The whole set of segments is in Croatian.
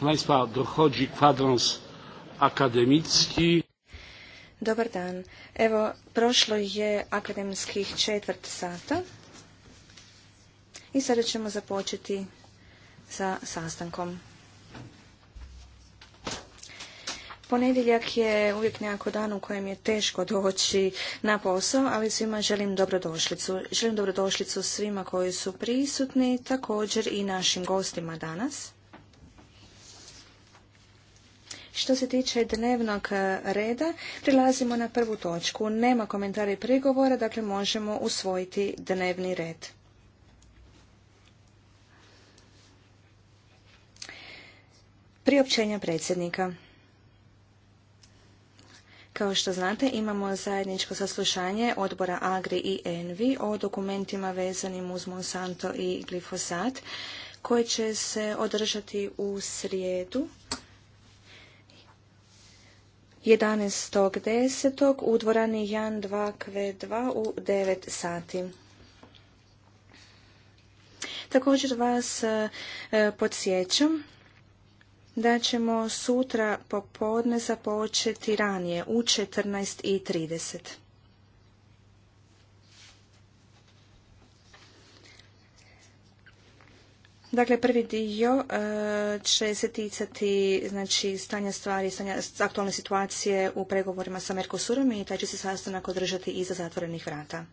Państwa dochodzi kwadrans akademicki. Dobar dan. Evo, prošlo je akademskih četvrt sata i sada ćemo započeti sa sastankom. Ponedjeljak je uvijek nekako dan u kojem je teško doći na posao, ali svima želim dobrodošlicu. Želim dobrodošlicu svima koji su prisutni, također i našim gostima danas. Što se tiče dnevnog e, reda, prilazimo na prvu točku. Nema komentara i prigovora, dakle možemo usvojiti dnevni red. Priopćenja predsjednika. Kao što znate, imamo zajedničko saslušanje odbora Agri i Envi o dokumentima vezanim uz Monsanto i glifosat, koje će se održati u srijedu 11.10. u dvorani Jan 2Q2 u 9 sati. Također vas e, podsjećam da ćemo sutra popodne započeti ranije u 14.30. Dakle, prvi dio e, će se ticati znači, stanja stvari, stanja, aktualne situacije u pregovorima sa Mercosurom i taj će se sastanak održati iza zatvorenih vrata.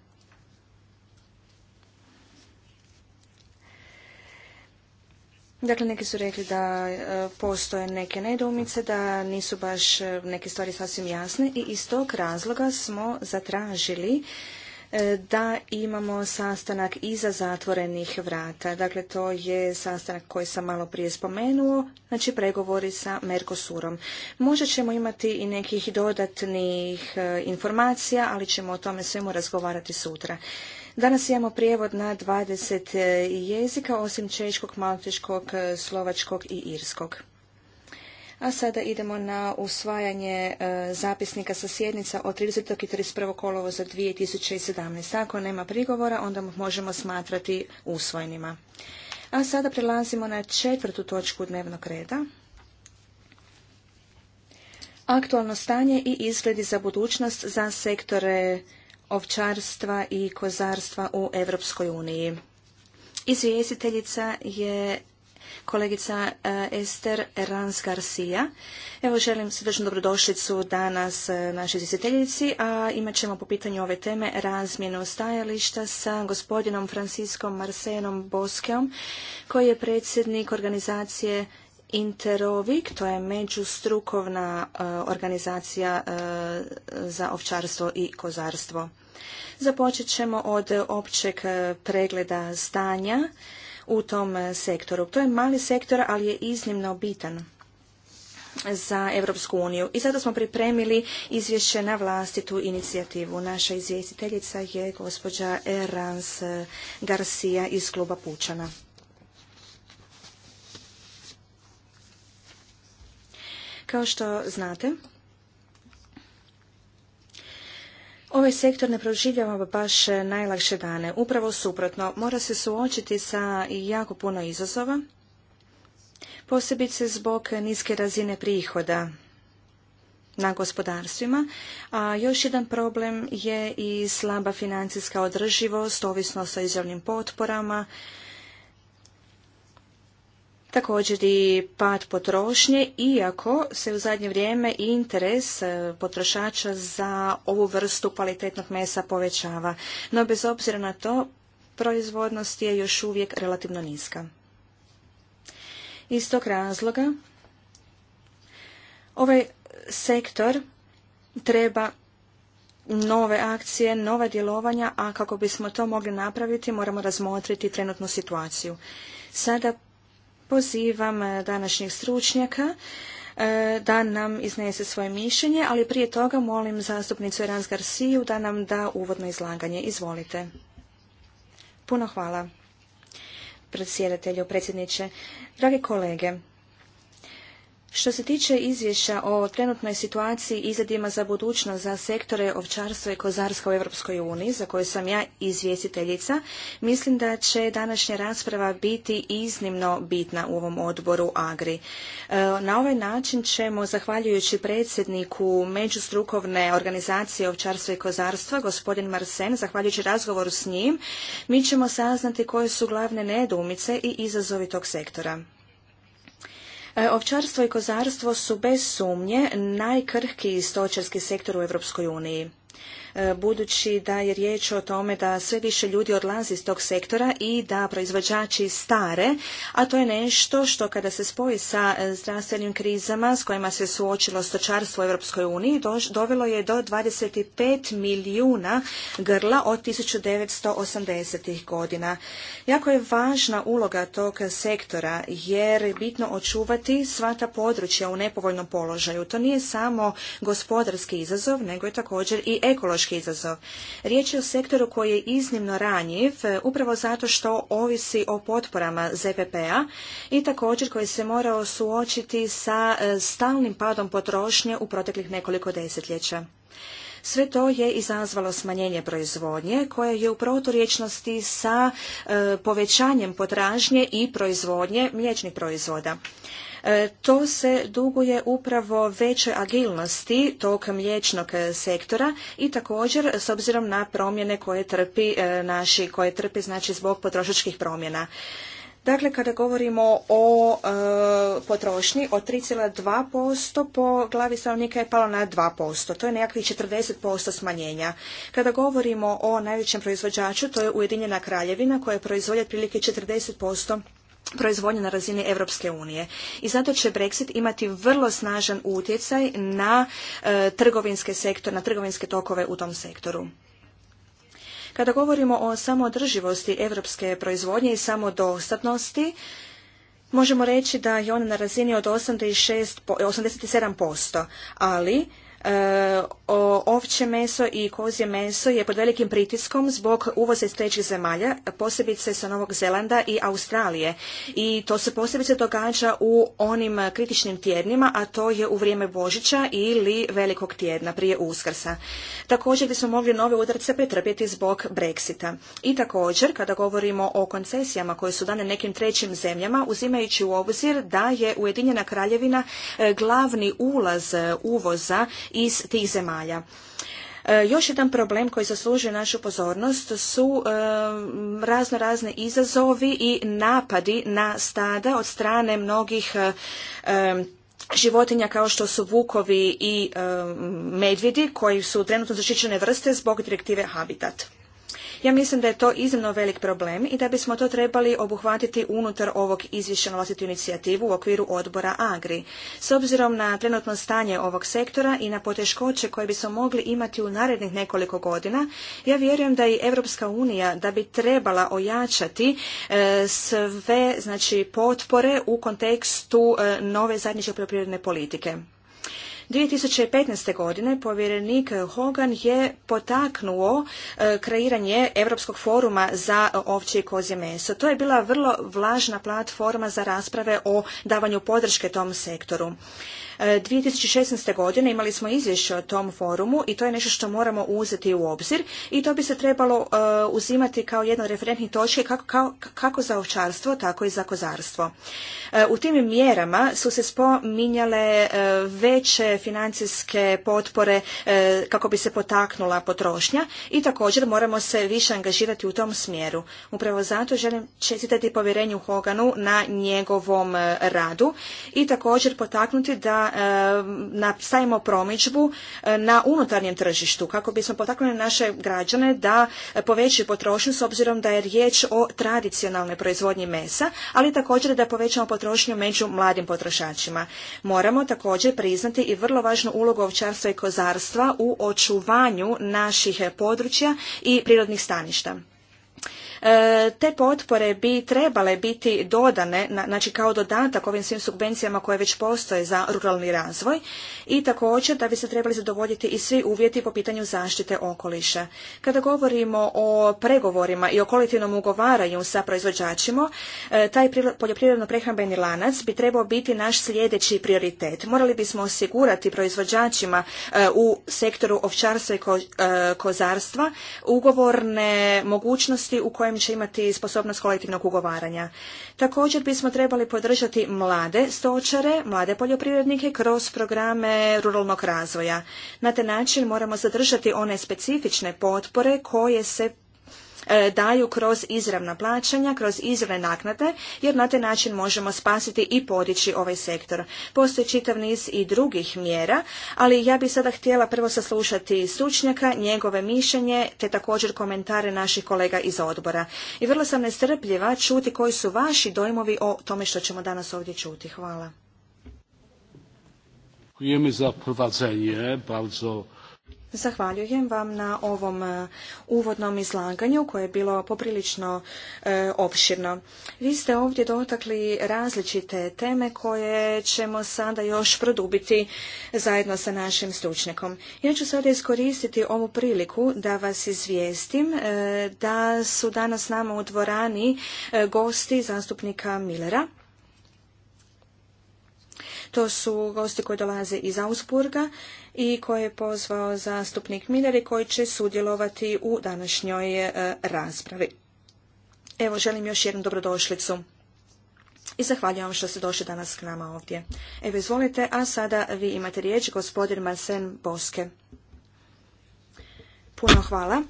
Dakle, neki su rekli da e, postoje neke nedoumice, da nisu baš e, neke stvari sasvim jasne i iz tog razloga smo zatražili E, da imamo sastanak iza zatvorenih vrata. Dakle, to je sastanak koji sam malo prije spomenuo, znači pregovori sa Mercosurom. Možda ćemo imati i nekih dodatnih e, informacija, ali ćemo o tome svemu razgovarati sutra. Danas imamo prijevod na 20 jezika, osim češkog, malteškog, slovačkog i irskog. A sada idemo na usvajanje e, zapisnika sa sjednica od 30. i 31. kolovo za 2017. Ako nema prigovora, onda možemo smatrati usvojenima. A sada prelazimo na četvrtu točku dnevnog reda. Aktualno stanje i izgledi za budućnost za sektore ovčarstva i kozarstva u Europskoj uniji. Izvjestiteljica je kolegica e, Ester Erans Garcia. Evo želim srdečnu dobrodošlicu danas e, našoj izvjestiteljici, a imat ćemo po pitanju ove teme razmjenu stajališta sa gospodinom Franciskom Marsenom Boskeom, koji je predsjednik organizacije Interovik, to je međustrukovna e, organizacija za ovčarstvo i kozarstvo. Započet ćemo od općeg pregleda stanja u tom e, sektoru. To je mali sektor, ali je iznimno bitan za Europsku uniju. I zato smo pripremili izvješće na vlastitu inicijativu. Naša izvjestiteljica je gospođa Erans e, Garcia iz kluba Pučana. Kao što znate, Ovaj sektor ne proživljava baš e, najlakše dane. Upravo suprotno, mora se suočiti sa jako puno izazova, posebice zbog niske razine prihoda na gospodarstvima, a još jedan problem je i slaba financijska održivost, ovisnost sa izravnim potporama, također i pad potrošnje, iako se u zadnje vrijeme interes e, potrošača za ovu vrstu kvalitetnog mesa povećava. No bez obzira na to, proizvodnost je još uvijek relativno niska. Iz tog razloga ovaj sektor treba nove akcije, nova djelovanja, a kako bismo to mogli napraviti moramo razmotriti trenutnu situaciju. Sada Pozivam eh, današnjeg stručnjaka eh, da nam iznese svoje mišljenje, ali prije toga molim zastupnicu Erans Garciju da nam da uvodno izlaganje. Izvolite. Puno hvala predsjedatelju, predsjedniče. Drage kolege, što se tiče izvješća o trenutnoj situaciji i izadima za budućnost za sektore ovčarstva i kozarstva u Europskoj uniji, za koje sam ja izvjestiteljica, mislim da će današnja rasprava biti iznimno bitna u ovom odboru Agri. E, na ovaj način ćemo, zahvaljujući predsjedniku međustrukovne organizacije ovčarstva i kozarstva, gospodin Marsen, zahvaljujući razgovoru s njim, mi ćemo saznati koje su glavne nedumice i izazovi tog sektora. E, ovčarstvo i kozarstvo su bez sumnje najkrhkiji stočarski sektor u Europskoj uniji. E, budući da je riječ o tome da sve više ljudi odlazi iz tog sektora i da proizvođači stare, a to je nešto što kada se spoji sa e, zdravstvenim krizama s kojima se suočilo stočarstvo u Europskoj uniji, dovelo je do 25 milijuna grla od 1980. godina. Jako je važna uloga tog sektora jer je bitno očuvati sva ta područja u nepovoljnom položaju. To nije samo gospodarski izazov, nego je također i ekološki izazov. Riječ je o sektoru koji je iznimno ranjiv, e, upravo zato što ovisi o potporama ZPP-a i također koji se morao suočiti sa e, stalnim padom potrošnje u proteklih nekoliko desetljeća. Sve to je izazvalo smanjenje proizvodnje koje je u proturječnosti sa e, povećanjem potražnje i proizvodnje mliječnih proizvoda. E, to se duguje upravo veće agilnosti tog mliječnog e, sektora i također s obzirom na promjene koje trpi e, naši, koje trpi znači zbog potrošačkih promjena. Dakle, kada govorimo o potrošnji, od 3,2% po glavi stanovnika je palo na 2%. To je nekakvih 40% smanjenja. Kada govorimo o najvećem proizvođaču, to je Ujedinjena kraljevina koja proizvodja otprilike 40% proizvodnje na razini Europske unije. I zato će Brexit imati vrlo snažan utjecaj na e, trgovinske sektor, na trgovinske tokove u tom sektoru. Kada govorimo o samoodrživosti europske proizvodnje i samodostatnosti, možemo reći da je ona na razini od 86, 87%, ali E, ovče meso i kozje meso je pod velikim pritiskom zbog uvoza iz trećih zemalja, posebice sa Novog Zelanda i Australije. I to se posebice događa u onim kritičnim tjednima, a to je u vrijeme Božića ili Velikog tjedna prije Uskrsa. Također smo mogli nove udarce pretrpjeti zbog Brexita. I također, kada govorimo o koncesijama koje su dane nekim trećim zemljama, uzimajući u obzir da je Ujedinjena kraljevina e, glavni ulaz e, uvoza iz tih zemalja. E, još jedan problem koji zaslužuje našu pozornost su e, razno razne izazovi i napadi na stada od strane mnogih e, životinja kao što su vukovi i medvjedi koji su trenutno zaštićene vrste zbog direktive Habitat. Ja mislim da je to iznimno velik problem i da bismo to trebali obuhvatiti unutar ovog izvješća na vlastitu inicijativu u okviru odbora Agri. S obzirom na trenutno stanje ovog sektora i na poteškoće koje bismo mogli imati u narednih nekoliko godina, ja vjerujem da i Europska unija da bi trebala ojačati e, sve znači potpore u kontekstu e, nove zajedničke poljoprivredne politike. 2015. godine povjerenik Hogan je potaknuo e, kreiranje Europskog foruma za ovće i kozje meso. To je bila vrlo vlažna platforma za rasprave o davanju podrške tom sektoru. 2016. godine imali smo izvješće o tom forumu i to je nešto što moramo uzeti u obzir i to bi se trebalo e, uzimati kao jedno od referentnih točke kako, kako za ovčarstvo, tako i za kozarstvo. E, u tim mjerama su se spominjale e, veće financijske potpore kako bi se potaknula potrošnja i također moramo se više angažirati u tom smjeru. Upravo zato želim čestitati povjerenju Hoganu na njegovom radu i također potaknuti da E, stavimo promičbu e, na unutarnjem tržištu kako bismo potaknuli naše građane da povećaju potrošnju s obzirom da je riječ o tradicionalnoj proizvodnji mesa, ali također da povećamo potrošnju među mladim potrošačima. Moramo također priznati i vrlo važnu ulogu ovčarstva i kozarstva u očuvanju naših područja i prirodnih staništa. E, te potpore bi trebale biti dodane, znači kao dodatak ovim svim subvencijama koje već postoje za ruralni razvoj i također da bi se trebali zadovoljiti i svi uvjeti po pitanju zaštite okoliša. Kada govorimo o pregovorima i o kolektivnom ugovaranju sa proizvođačima, e, taj poljoprivredno-prehrambeni lanac bi trebao biti naš sljedeći prioritet. Morali bismo osigurati proizvođačima e, u sektoru ovčarstva i kozarstva ugovorne mogućnosti u kojem oni će imati sposobnost kolektivnog ugovaranja. Također bismo trebali podržati mlade stočare, mlade poljoprivrednike kroz programe ruralnog razvoja. Na taj način moramo zadržati one specifične potpore koje se E, daju kroz izravna plaćanja, kroz izravne naknade, jer na taj način možemo spasiti i podići ovaj sektor. Postoji čitav niz i drugih mjera, ali ja bih sada htjela prvo saslušati stručnjaka, njegove mišljenje, te također komentare naših kolega iz odbora. I vrlo sam nestrpljiva čuti koji su vaši dojmovi o tome što ćemo danas ovdje čuti. Hvala. za Zahvaljujem vam na ovom e, uvodnom izlaganju koje je bilo poprilično e, opširno. Vi ste ovdje dotakli različite teme koje ćemo sada još produbiti zajedno sa našim stručnjakom. Ja ću sada iskoristiti ovu priliku da vas izvijestim e, da su danas nama u dvorani gosti zastupnika Milera to su gosti koji dolaze iz Augsburga i koje je pozvao zastupnik Miller i koji će sudjelovati u današnjoj e, raspravi. Evo, želim još jednu dobrodošlicu i zahvaljujem vam što ste došli danas k nama ovdje. Evo, izvolite, a sada vi imate riječ, gospodin Marsen Boske. Puno hvala.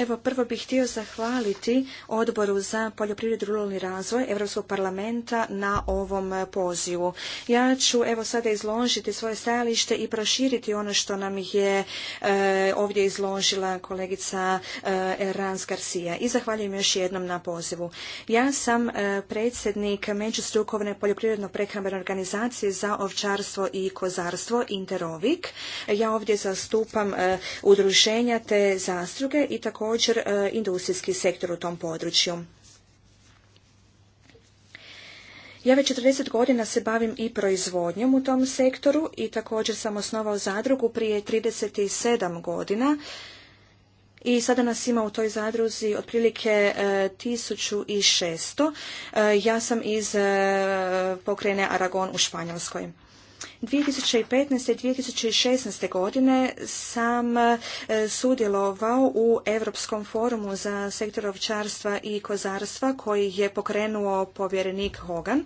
Evo, prvo bih htio zahvaliti odboru za poljoprivredu i ruralni razvoj Europskog parlamenta na ovom pozivu. Ja ću evo sada izložiti svoje stajalište i proširiti ono što nam je eh, ovdje izložila kolegica e, eh, Rans Garcia. I zahvaljujem još jednom na pozivu. Ja sam eh, predsjednik Međustrukovne poljoprivredno-prehrambene organizacije za ovčarstvo i kozarstvo Interovik. Ja ovdje zastupam udruženja te zastruge i tako također e, industrijski sektor u tom području. Ja već 40 godina se bavim i proizvodnjom u tom sektoru i također sam osnovao zadrugu prije 37 godina i sada nas ima u toj zadruzi otprilike 1600. E, e, ja sam iz pokrene Aragon u Španjolskoj. 2015. i 2016. godine sam e, sudjelovao u Europskom forumu za sektor ovčarstva i kozarstva koji je pokrenuo povjerenik Hogan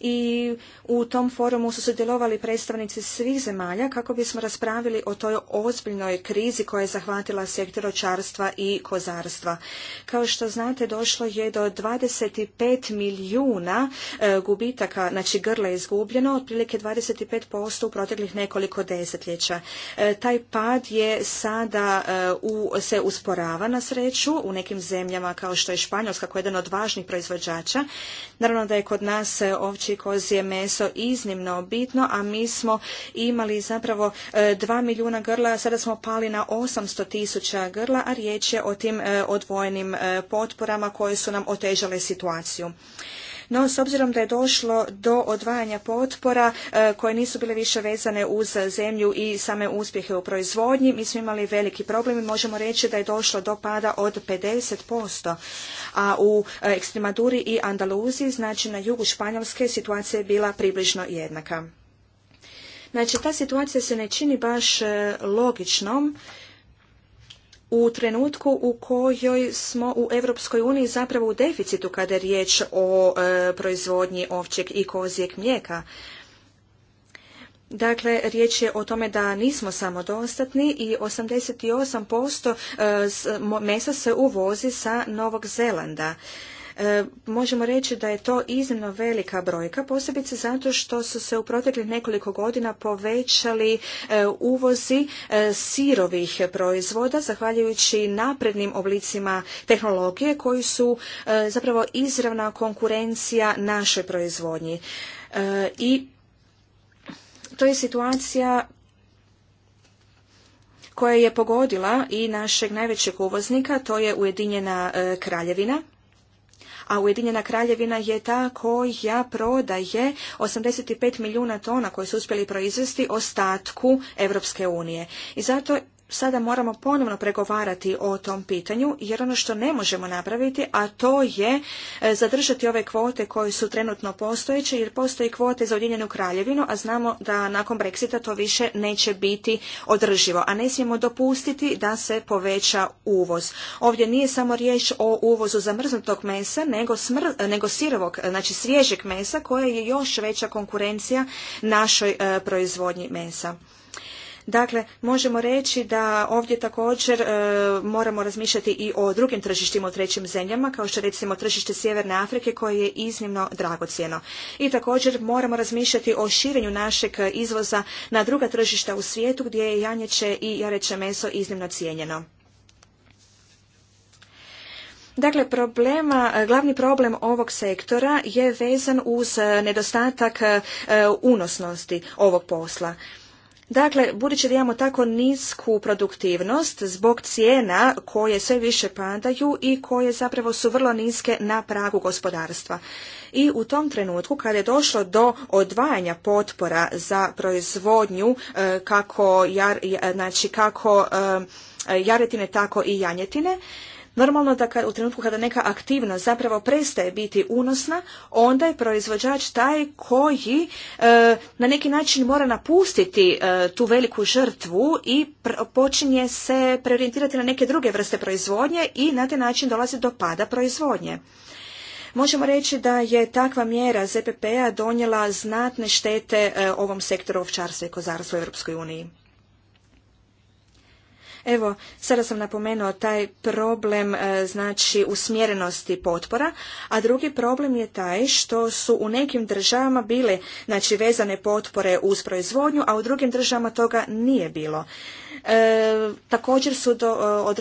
i u tom forumu su sudjelovali predstavnici svih zemalja kako bismo raspravili o toj ozbiljnoj krizi koja je zahvatila sektor očarstva i kozarstva. Kao što znate, došlo je do 25 milijuna e, gubitaka, znači grla je izgubljeno, otprilike 25% u proteklih nekoliko desetljeća. E, taj pad je sada e, u, se usporava na sreću u nekim zemljama kao što je Španjolska koja je jedan od važnih proizvođača. Naravno da je kod nas ovči znači kozije meso iznimno bitno, a mi smo imali zapravo 2 e, milijuna grla, a sada smo pali na 800 tisuća grla, a riječ je o tim e, odvojenim e, potporama koje su nam otežale situaciju. No, s obzirom da je došlo do odvajanja potpora e, koje nisu bile više vezane uz zemlju i same uspjehe u proizvodnji, mi smo imali veliki problem i možemo reći da je došlo do pada od 50%. A u e, Ekstremaduri i Andaluziji, znači na jugu Španjolske, situacija je bila približno jednaka. Znači, ta situacija se ne čini baš e, logičnom u trenutku u kojoj smo u Europskoj uniji zapravo u deficitu kada je riječ o e, proizvodnji ovčeg i kozijeg mlijeka. Dakle, riječ je o tome da nismo samodostatni i 88% e, mesa se uvozi sa Novog Zelanda. E, možemo reći da je to iznimno velika brojka, posebice zato što su se u proteklih nekoliko godina povećali e, uvozi e, sirovih proizvoda, zahvaljujući naprednim oblicima tehnologije koji su zapravo izravna konkurencija našoj proizvodnji. I to je situacija koja je pogodila i našeg najvećeg uvoznika, to je Ujedinjena kraljevina a Ujedinjena kraljevina je ta koja prodaje 85 milijuna tona koje su uspjeli proizvesti ostatku Europske unije. I zato sada moramo ponovno pregovarati o tom pitanju, jer ono što ne možemo napraviti, a to je e, zadržati ove kvote koje su trenutno postojeće, jer postoji kvote za Ujedinjenu kraljevinu, a znamo da nakon Brexita to više neće biti održivo, a ne smijemo dopustiti da se poveća uvoz. Ovdje nije samo riječ o uvozu zamrznutog mesa, nego, smr nego sirovog, znači svježeg mesa, koje je još veća konkurencija našoj e, proizvodnji mesa. Dakle, možemo reći da ovdje također e, moramo razmišljati i o drugim tržištima u trećim zemljama, kao što recimo tržište Sjeverne Afrike koje je iznimno dragocjeno. I također moramo razmišljati o širenju našeg izvoza na druga tržišta u svijetu gdje je janjeće i jareće meso iznimno cijenjeno. Dakle, problema, glavni problem ovog sektora je vezan uz nedostatak e, unosnosti ovog posla. Dakle, budući da imamo tako nisku produktivnost zbog cijena koje sve više padaju i koje zapravo su vrlo niske na pragu gospodarstva. I u tom trenutku kada je došlo do odvajanja potpora za proizvodnju e, kako, e, znači kako e, jaretine tako i janjetine Normalno da u trenutku kada neka aktivnost zapravo prestaje biti unosna, onda je proizvođač taj koji e, na neki način mora napustiti e, tu veliku žrtvu i počinje se preorijentirati na neke druge vrste proizvodnje i na taj način dolazi do pada proizvodnje. Možemo reći da je takva mjera ZPP-a donijela znatne štete e, ovom sektoru ovčarstva i kozarstva u eu uniji. Evo, sada sam napomenuo taj problem e, znači usmjerenosti potpora, a drugi problem je taj što su u nekim državama bile znači vezane potpore uz proizvodnju, a u drugim državama toga nije bilo. E, također su e,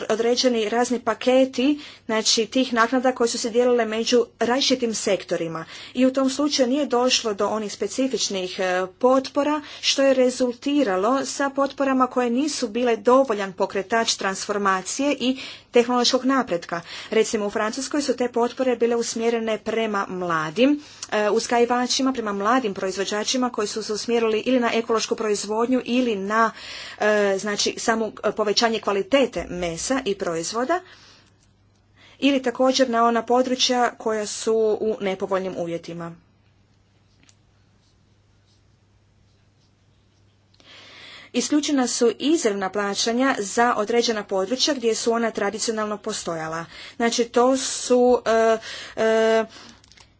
određeni razni paketi znači tih naknada koje su se dijelile među različitim sektorima i u tom slučaju nije došlo do onih specifičnih e, potpora što je rezultiralo sa potporama koje nisu bile dovoljan pokretač transformacije i tehnološkog napretka. Recimo u Francuskoj su te potpore bile usmjerene prema mladim eh, uskajivačima, prema mladim proizvođačima koji su se usmjerili ili na ekološku proizvodnju ili na eh, znači samo eh, povećanje kvalitete mesa i proizvoda ili također na ona područja koja su u nepovoljnim uvjetima. Isključena su izravna plaćanja za određena područja gdje su ona tradicionalno postojala. Znači to su e, e,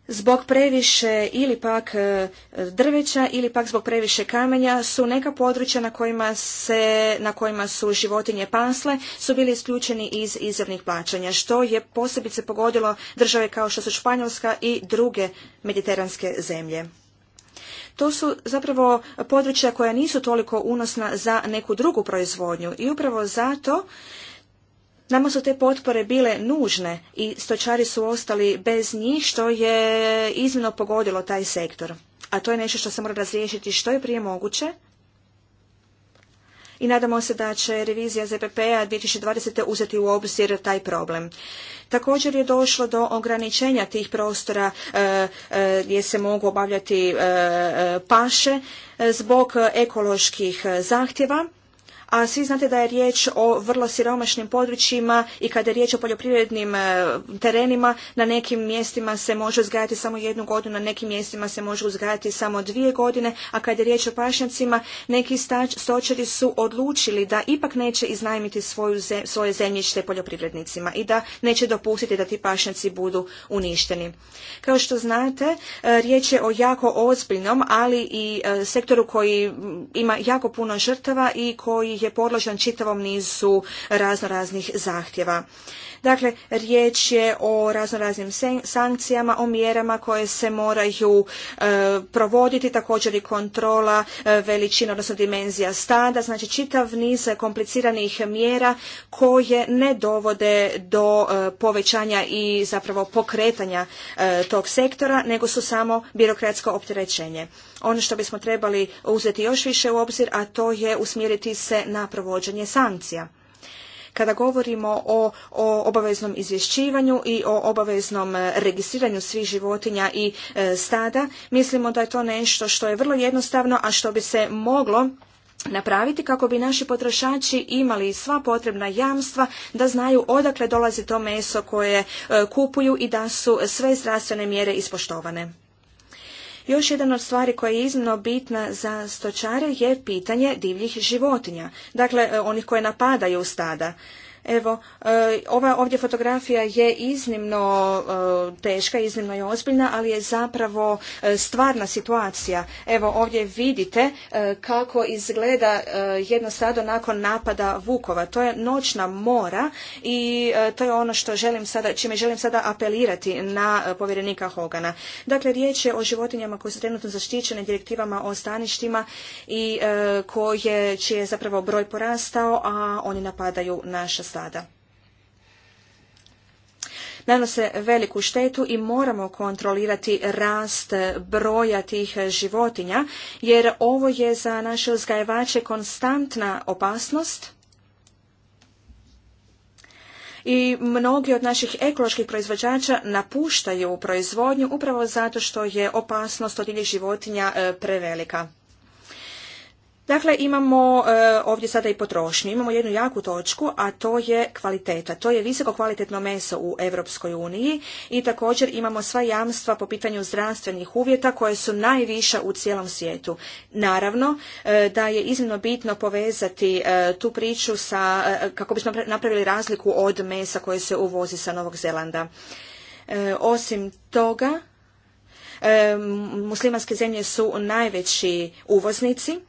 zbog previše ili pak e, drveća ili pak zbog previše kamenja su neka područja na kojima, se, na kojima su životinje pasle su bili isključeni iz izravnih plaćanja, što je posebice pogodilo države kao što su Španjolska i druge mediteranske zemlje to su zapravo područja koja nisu toliko unosna za neku drugu proizvodnju i upravo zato Nama su te potpore bile nužne i stočari su ostali bez njih što je iznimno pogodilo taj sektor. A to je nešto što se mora razriješiti što je prije moguće i nadamo se da će revizija ZPP-a 2020. uzeti u obzir taj problem. Također je došlo do ograničenja tih prostora e, e, gdje se mogu obavljati e, paše zbog ekoloških zahtjeva a svi znate da je riječ o vrlo siromašnim područjima i kada je riječ o poljoprivrednim e, terenima, na nekim mjestima se može uzgajati samo jednu godinu, na nekim mjestima se može uzgajati samo dvije godine, a kada je riječ o pašnjacima, neki stočari su odlučili da ipak neće iznajmiti svoju svoje zemljište poljoprivrednicima i da neće dopustiti da ti pašnjaci budu uništeni. Kao što znate, e, riječ je o jako ozbiljnom, ali i e, sektoru koji ima jako puno žrtava i koji je podložan čitavom nizu raznoraznih zahtjeva. Dakle, riječ je o raznoraznim sankcijama, o mjerama koje se moraju e, provoditi, također i kontrola e, veličina, odnosno dimenzija stada, znači čitav niz kompliciranih mjera koje ne dovode do e, povećanja i zapravo pokretanja e, tog sektora, nego su samo birokratsko opterećenje. Ono što bismo trebali uzeti još više u obzir, a to je usmjeriti se na provođenje sankcija. Kada govorimo o, obaveznom izvješćivanju i o obaveznom e, registriranju svih životinja i e, stada, mislimo da je to nešto što je vrlo jednostavno, a što bi se moglo napraviti kako bi naši potrošači imali sva potrebna jamstva da znaju odakle dolazi to meso koje e, kupuju i da su sve zdravstvene mjere ispoštovane. Još jedan od stvari koja je iznimno bitna za stočare je pitanje divljih životinja, dakle eh, onih koje napadaju stada. Evo, e, ova ovdje fotografija je iznimno e, teška, iznimno je ozbiljna, ali je zapravo e, stvarna situacija. Evo, ovdje vidite kako izgleda jedno stado nakon napada Vukova. To je noćna mora i to je ono što želim sada, čime želim sada apelirati na povjerenika Hogana. Dakle, riječ je o životinjama koje su trenutno zaštićene direktivama o staništima i koje, čije je zapravo broj porastao, a oni napadaju naša staništa sada. Nanose veliku štetu i moramo kontrolirati rast broja tih životinja, jer ovo je za naše uzgajivače konstantna opasnost i mnogi od naših ekoloških proizvođača napuštaju proizvodnju upravo zato što je opasnost od divljih životinja e, prevelika. Dakle, imamo e, ovdje sada i potrošnju. Imamo jednu jaku točku, a to je kvaliteta. To je visoko kvalitetno meso u Europskoj uniji i također imamo sva jamstva po pitanju zdravstvenih uvjeta koje su najviša u cijelom svijetu. Naravno e, da je iznimno bitno povezati e, tu priču sa, kako bismo napravili razliku od mesa koje se uvozi sa Novog Zelanda. Osim toga, muslimanske zemlje su najveći uvoznici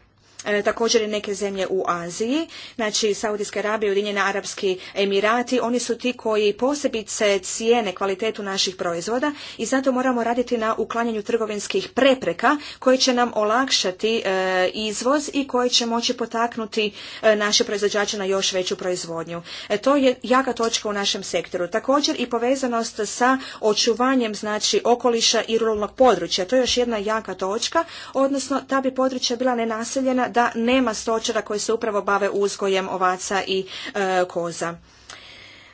E, također i neke zemlje u Aziji, znači Saudijska Arabija, Ujedinjeni Arapski Emirati, oni su ti koji posebice cijene kvalitetu naših proizvoda i zato moramo raditi na uklanjanju trgovinskih prepreka koje će nam olakšati e, izvoz i koje će moći potaknuti e, naše proizvođače na još veću proizvodnju. To je jaka točka u našem sektoru. Također i povezanost sa očuvanjem znači okoliša i ruralnog područja. To je još jedna jaka točka, odnosno ta bi područja bila nenaseljena da nema stočara koji se upravo bave uzgojem ovaca i e, koza.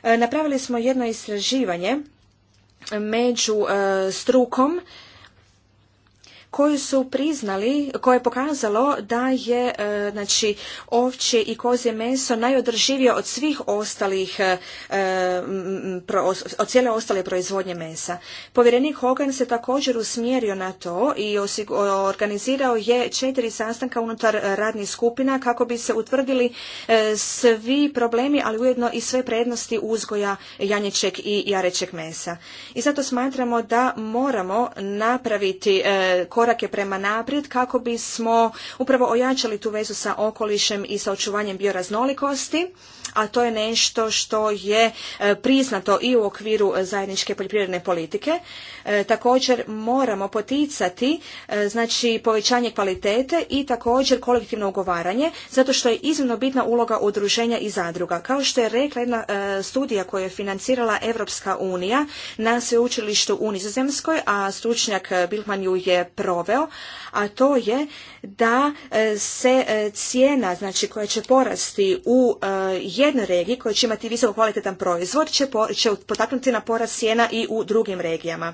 E, napravili smo jedno istraživanje među e, strukom koju su priznali, koje je pokazalo da je e, znači ovčje i kozje meso najodrživije od svih ostalih e, od cijele ostale proizvodnje mesa. Povjerenik Hogan se također usmjerio na to i organizirao je četiri sastanka unutar radnih skupina kako bi se utvrdili e, svi problemi, ali ujedno i sve prednosti uzgoja janječeg i jarećeg mesa. I zato smatramo da moramo napraviti korake prema naprijed kako bismo upravo ojačali tu vezu sa okolišem i sa očuvanjem bioraznolikosti a to je nešto što je e, priznato i u okviru e, zajedničke poljoprivredne politike. E, također moramo poticati e, znači povećanje kvalitete i također kolektivno ugovaranje zato što je iznimno bitna uloga udruženja i zadruga. Kao što je rekla jedna e, studija koju je financirala Europska unija na sveučilištu u Nizozemskoj, a stručnjak Bilman ju je proveo, a to je da se cijena znači koja će porasti u jednoj regiji koja će imati visoko kvalitetan proizvod će potaknuti na porast cijena i u drugim regijama.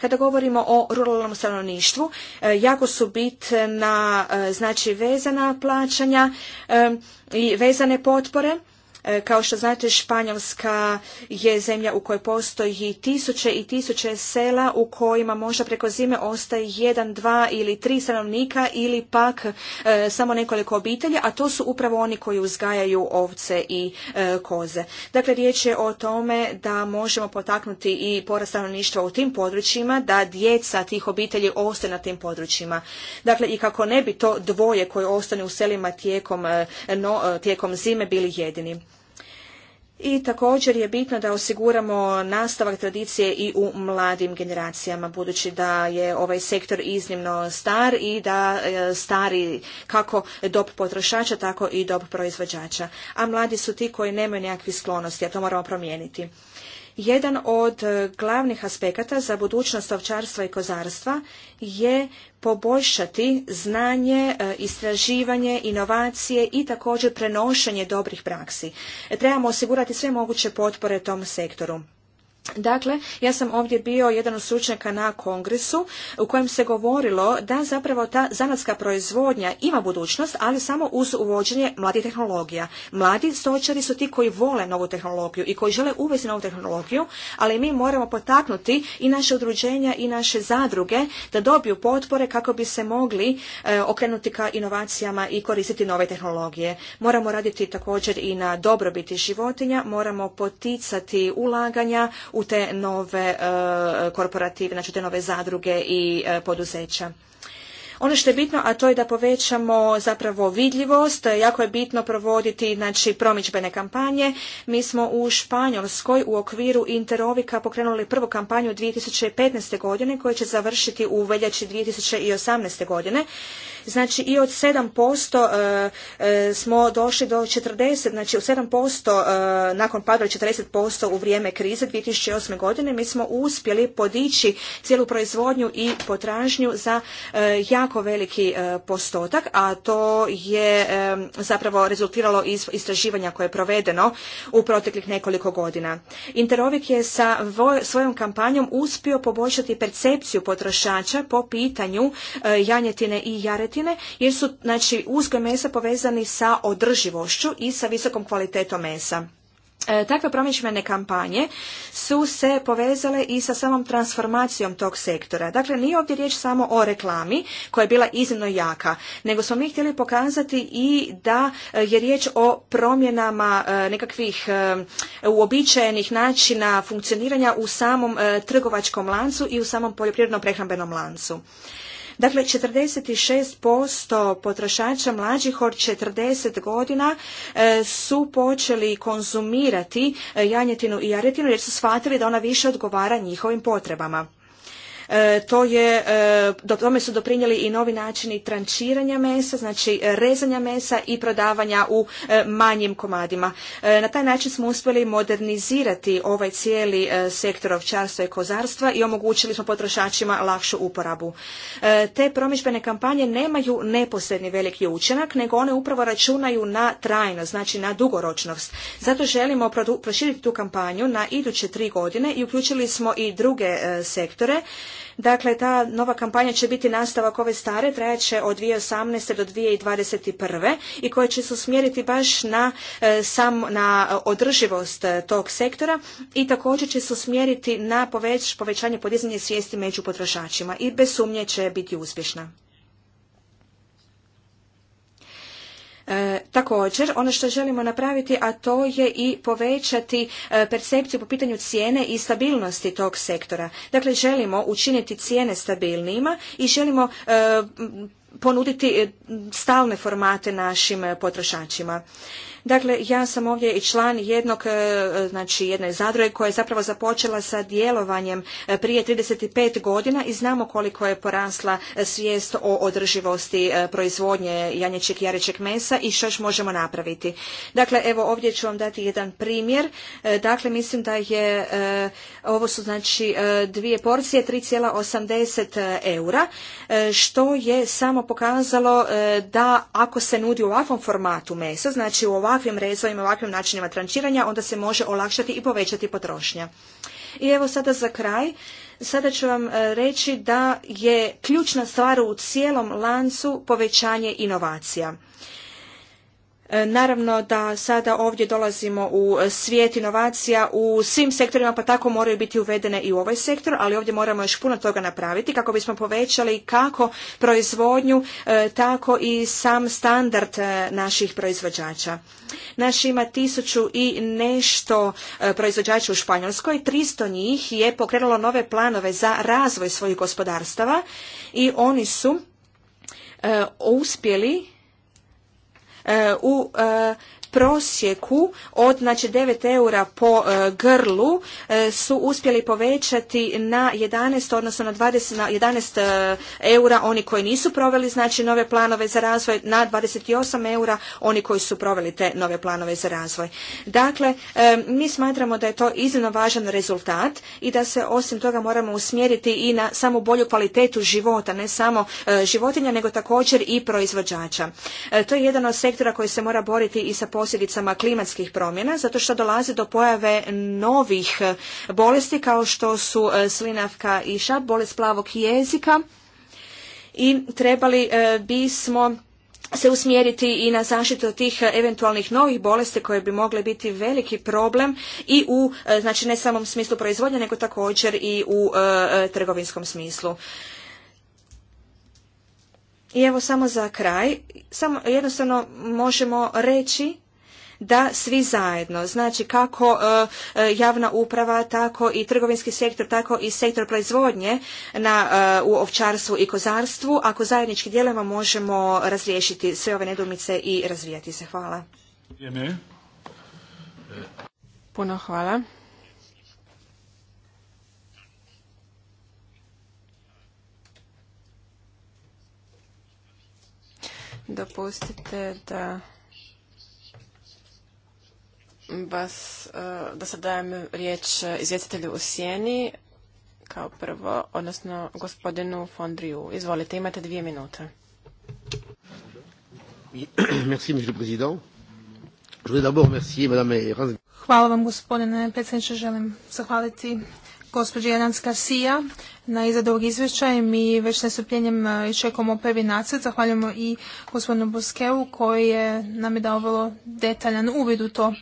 Kada govorimo o ruralnom stanovništvu, e, jako su bitna e, znači vezana plaćanja e, i vezane potpore E, kao što znate, Španjolska je zemlja u kojoj postoji tisuće i tisuće sela u kojima možda preko zime ostaje jedan, dva ili tri stanovnika ili pak e, samo nekoliko obitelji, a to su upravo oni koji uzgajaju ovce i e, koze. Dakle, riječ je o tome da možemo potaknuti i porast stanovništva u tim područjima, da djeca tih obitelji ostaju na tim područjima. Dakle, i kako ne bi to dvoje koje ostane u selima tijekom, tijekom zime bili jedini i također je bitno da osiguramo nastavak tradicije i u mladim generacijama, budući da je ovaj sektor iznimno star i da e, stari kako dob potrošača, tako i dob proizvođača. A mladi su ti koji nemaju nekakvih sklonosti, a to moramo promijeniti. Jedan od e, glavnih aspekata za budućnost ovčarstva i kozarstva je poboljšati znanje, e, istraživanje, inovacije i također prenošenje dobrih praksi. E, trebamo osigurati sve moguće potpore tom sektoru. Dakle, ja sam ovdje bio jedan od stručnjaka na kongresu u kojem se govorilo da zapravo ta zanatska proizvodnja ima budućnost, ali samo uz uvođenje mladih tehnologija. Mladi stočari su ti koji vole novu tehnologiju i koji žele uvesti novu tehnologiju, ali mi moramo potaknuti i naše udruženja i naše zadruge da dobiju potpore kako bi se mogli e, okrenuti ka inovacijama i koristiti nove tehnologije. Moramo raditi također i na dobrobiti životinja, moramo poticati ulaganja u te nove e, korporative, znači te nove zadruge i e, poduzeća. Ono što je bitno, a to je da povećamo zapravo vidljivost, jako je bitno provoditi znači, promičbene kampanje. Mi smo u Španjolskoj u okviru Interovika pokrenuli prvu kampanju 2015. godine koja će završiti u veljači 2018. godine Znači i od 7% e, e, smo došli do 40, znači u 7% e, nakon pada 40% u vrijeme krize 2008. godine mi smo uspjeli podići cijelu proizvodnju i potražnju za jako veliki postotak, a to je zapravo rezultiralo iz istraživanja koje je provedeno u proteklih nekoliko godina. Interovik je sa svojom kampanjom uspio poboljšati percepciju potrošača po pitanju janjetine i jaretine jer su znači, uzgoj mesa povezani sa održivošću i sa visokom kvalitetom mesa. E, takve promidžbene kampanje su se povezale i sa samom transformacijom tog sektora. Dakle, nije ovdje riječ samo o reklami koja je bila iznimno jaka, nego smo mi htjeli pokazati i da e, je riječ o promjenama e, nekakvih uobičajenih načina funkcioniranja u samom trgovačkom lancu i u samom poljoprivredno prehrambenom lancu. Dakle, 46% potrošača mlađih od 40 godina e, su počeli konzumirati e, janjetinu i jaretinu jer su shvatili da ona više odgovara njihovim potrebama. E, to je, e, do tome su doprinijeli i novi načini trančiranja mesa, znači e, rezanja mesa i prodavanja u manjim komadima. Na taj način smo uspjeli modernizirati ovaj cijeli sektor ovčarstva i kozarstva i omogućili smo potrošačima lakšu uporabu. Te promidžbene kampanje nemaju neposredni veliki učinak, nego one upravo računaju na trajnost, znači na dugoročnost. Zato želimo proširiti tu kampanju na iduće tri godine i uključili smo i druge sektore Dakle, ta nova kampanja će biti nastavak ove stare, trajaće od 2018. do 2021. i koja će se usmjeriti baš na, e, sam, na održivost e, tog sektora i također će se usmjeriti na povećanje podizanje svijesti među potrošačima i bez sumnje će biti uspješna. Također, ono što želimo napraviti, a to je i povećati e, percepciju po pitanju cijene i stabilnosti tog sektora. Dakle, želimo učiniti cijene stabilnijima i želimo e, ponuditi e, stalne formate našim e, potrošačima. Dakle, ja sam ovdje i član jednog, e, znači jedne zadruge koja je zapravo započela sa djelovanjem prije 35 godina i znamo koliko je porasla svijest o održivosti proizvodnje janječeg i jarečeg mesa i što još možemo napraviti. Dakle, evo ovdje ću vam dati jedan primjer. Dakle, mislim da je, ovo su znači dvije porcije, 3,80 eura, što je samo po pokazalo e, da ako se nudi u ovakvom formatu mesa, znači u ovakvim rezovima, ovakvim načinima trančiranja, onda se može olakšati i povećati potrošnja. I evo sada za kraj, sada ću vam e, reći da je ključna stvar u cijelom lancu povećanje inovacija. E, naravno da sada ovdje dolazimo u svijet inovacija u svim sektorima, pa tako moraju biti uvedene i u ovaj sektor, ali ovdje moramo još puno toga napraviti kako bismo povećali kako proizvodnju, e, tako i sam standard e, naših proizvođača. Naš ima tisuću i nešto proizvođača u Španjolskoj, 300 njih je pokrenulo nove planove za razvoj svojih gospodarstava i oni su uspjeli u e, prosjeku od znači 9 eura po e, grlu e, su uspjeli povećati na 11 odnosno na 20 e, eura oni koji nisu proveli znači nove planove za razvoj na 28 eura oni koji su proveli te nove planove za razvoj. Dakle, mi smatramo da je to iznimno važan rezultat i da se osim toga moramo usmjeriti i na samo bolju kvalitetu života, ne samo životinja nego također i proizvođača. To je jedan od sektora koji se mora boriti i sa posljedicama klimatskih promjena, zato što dolazi do pojave novih bolesti kao što su e, slinavka i šap, bolest plavog jezika i trebali e, bismo se usmjeriti i na zaštitu tih eventualnih novih bolesti koje bi mogle biti veliki problem i u e, znači ne samom smislu proizvodnje nego također i u trgovinskom smislu. I evo samo za kraj, samo jednostavno možemo reći da svi zajedno, znači kako e, e, javna uprava, tako i trgovinski sektor, tako i sektor proizvodnje e, u ovčarstvu i kozarstvu, ako zajednički dijelama možemo razriješiti sve ove nedumice i razvijati se. Hvala. Puno hvala. Dopustite da vas, e, da sad dajem riječ e, izvjestitelju u sjeni kao prvo, odnosno gospodinu Fondriju. Izvolite, imate dvije minute. Hvala vam gospodine predsjedniče. Želim zahvaliti gospođi Jeranska Garcia na izradu ovog izvješća i mi već s nestrpljenjem e, čekamo prvi nacrt. Zahvaljujemo i gospodinu Boskevu koji je nam je dao vrlo detaljan uvid u to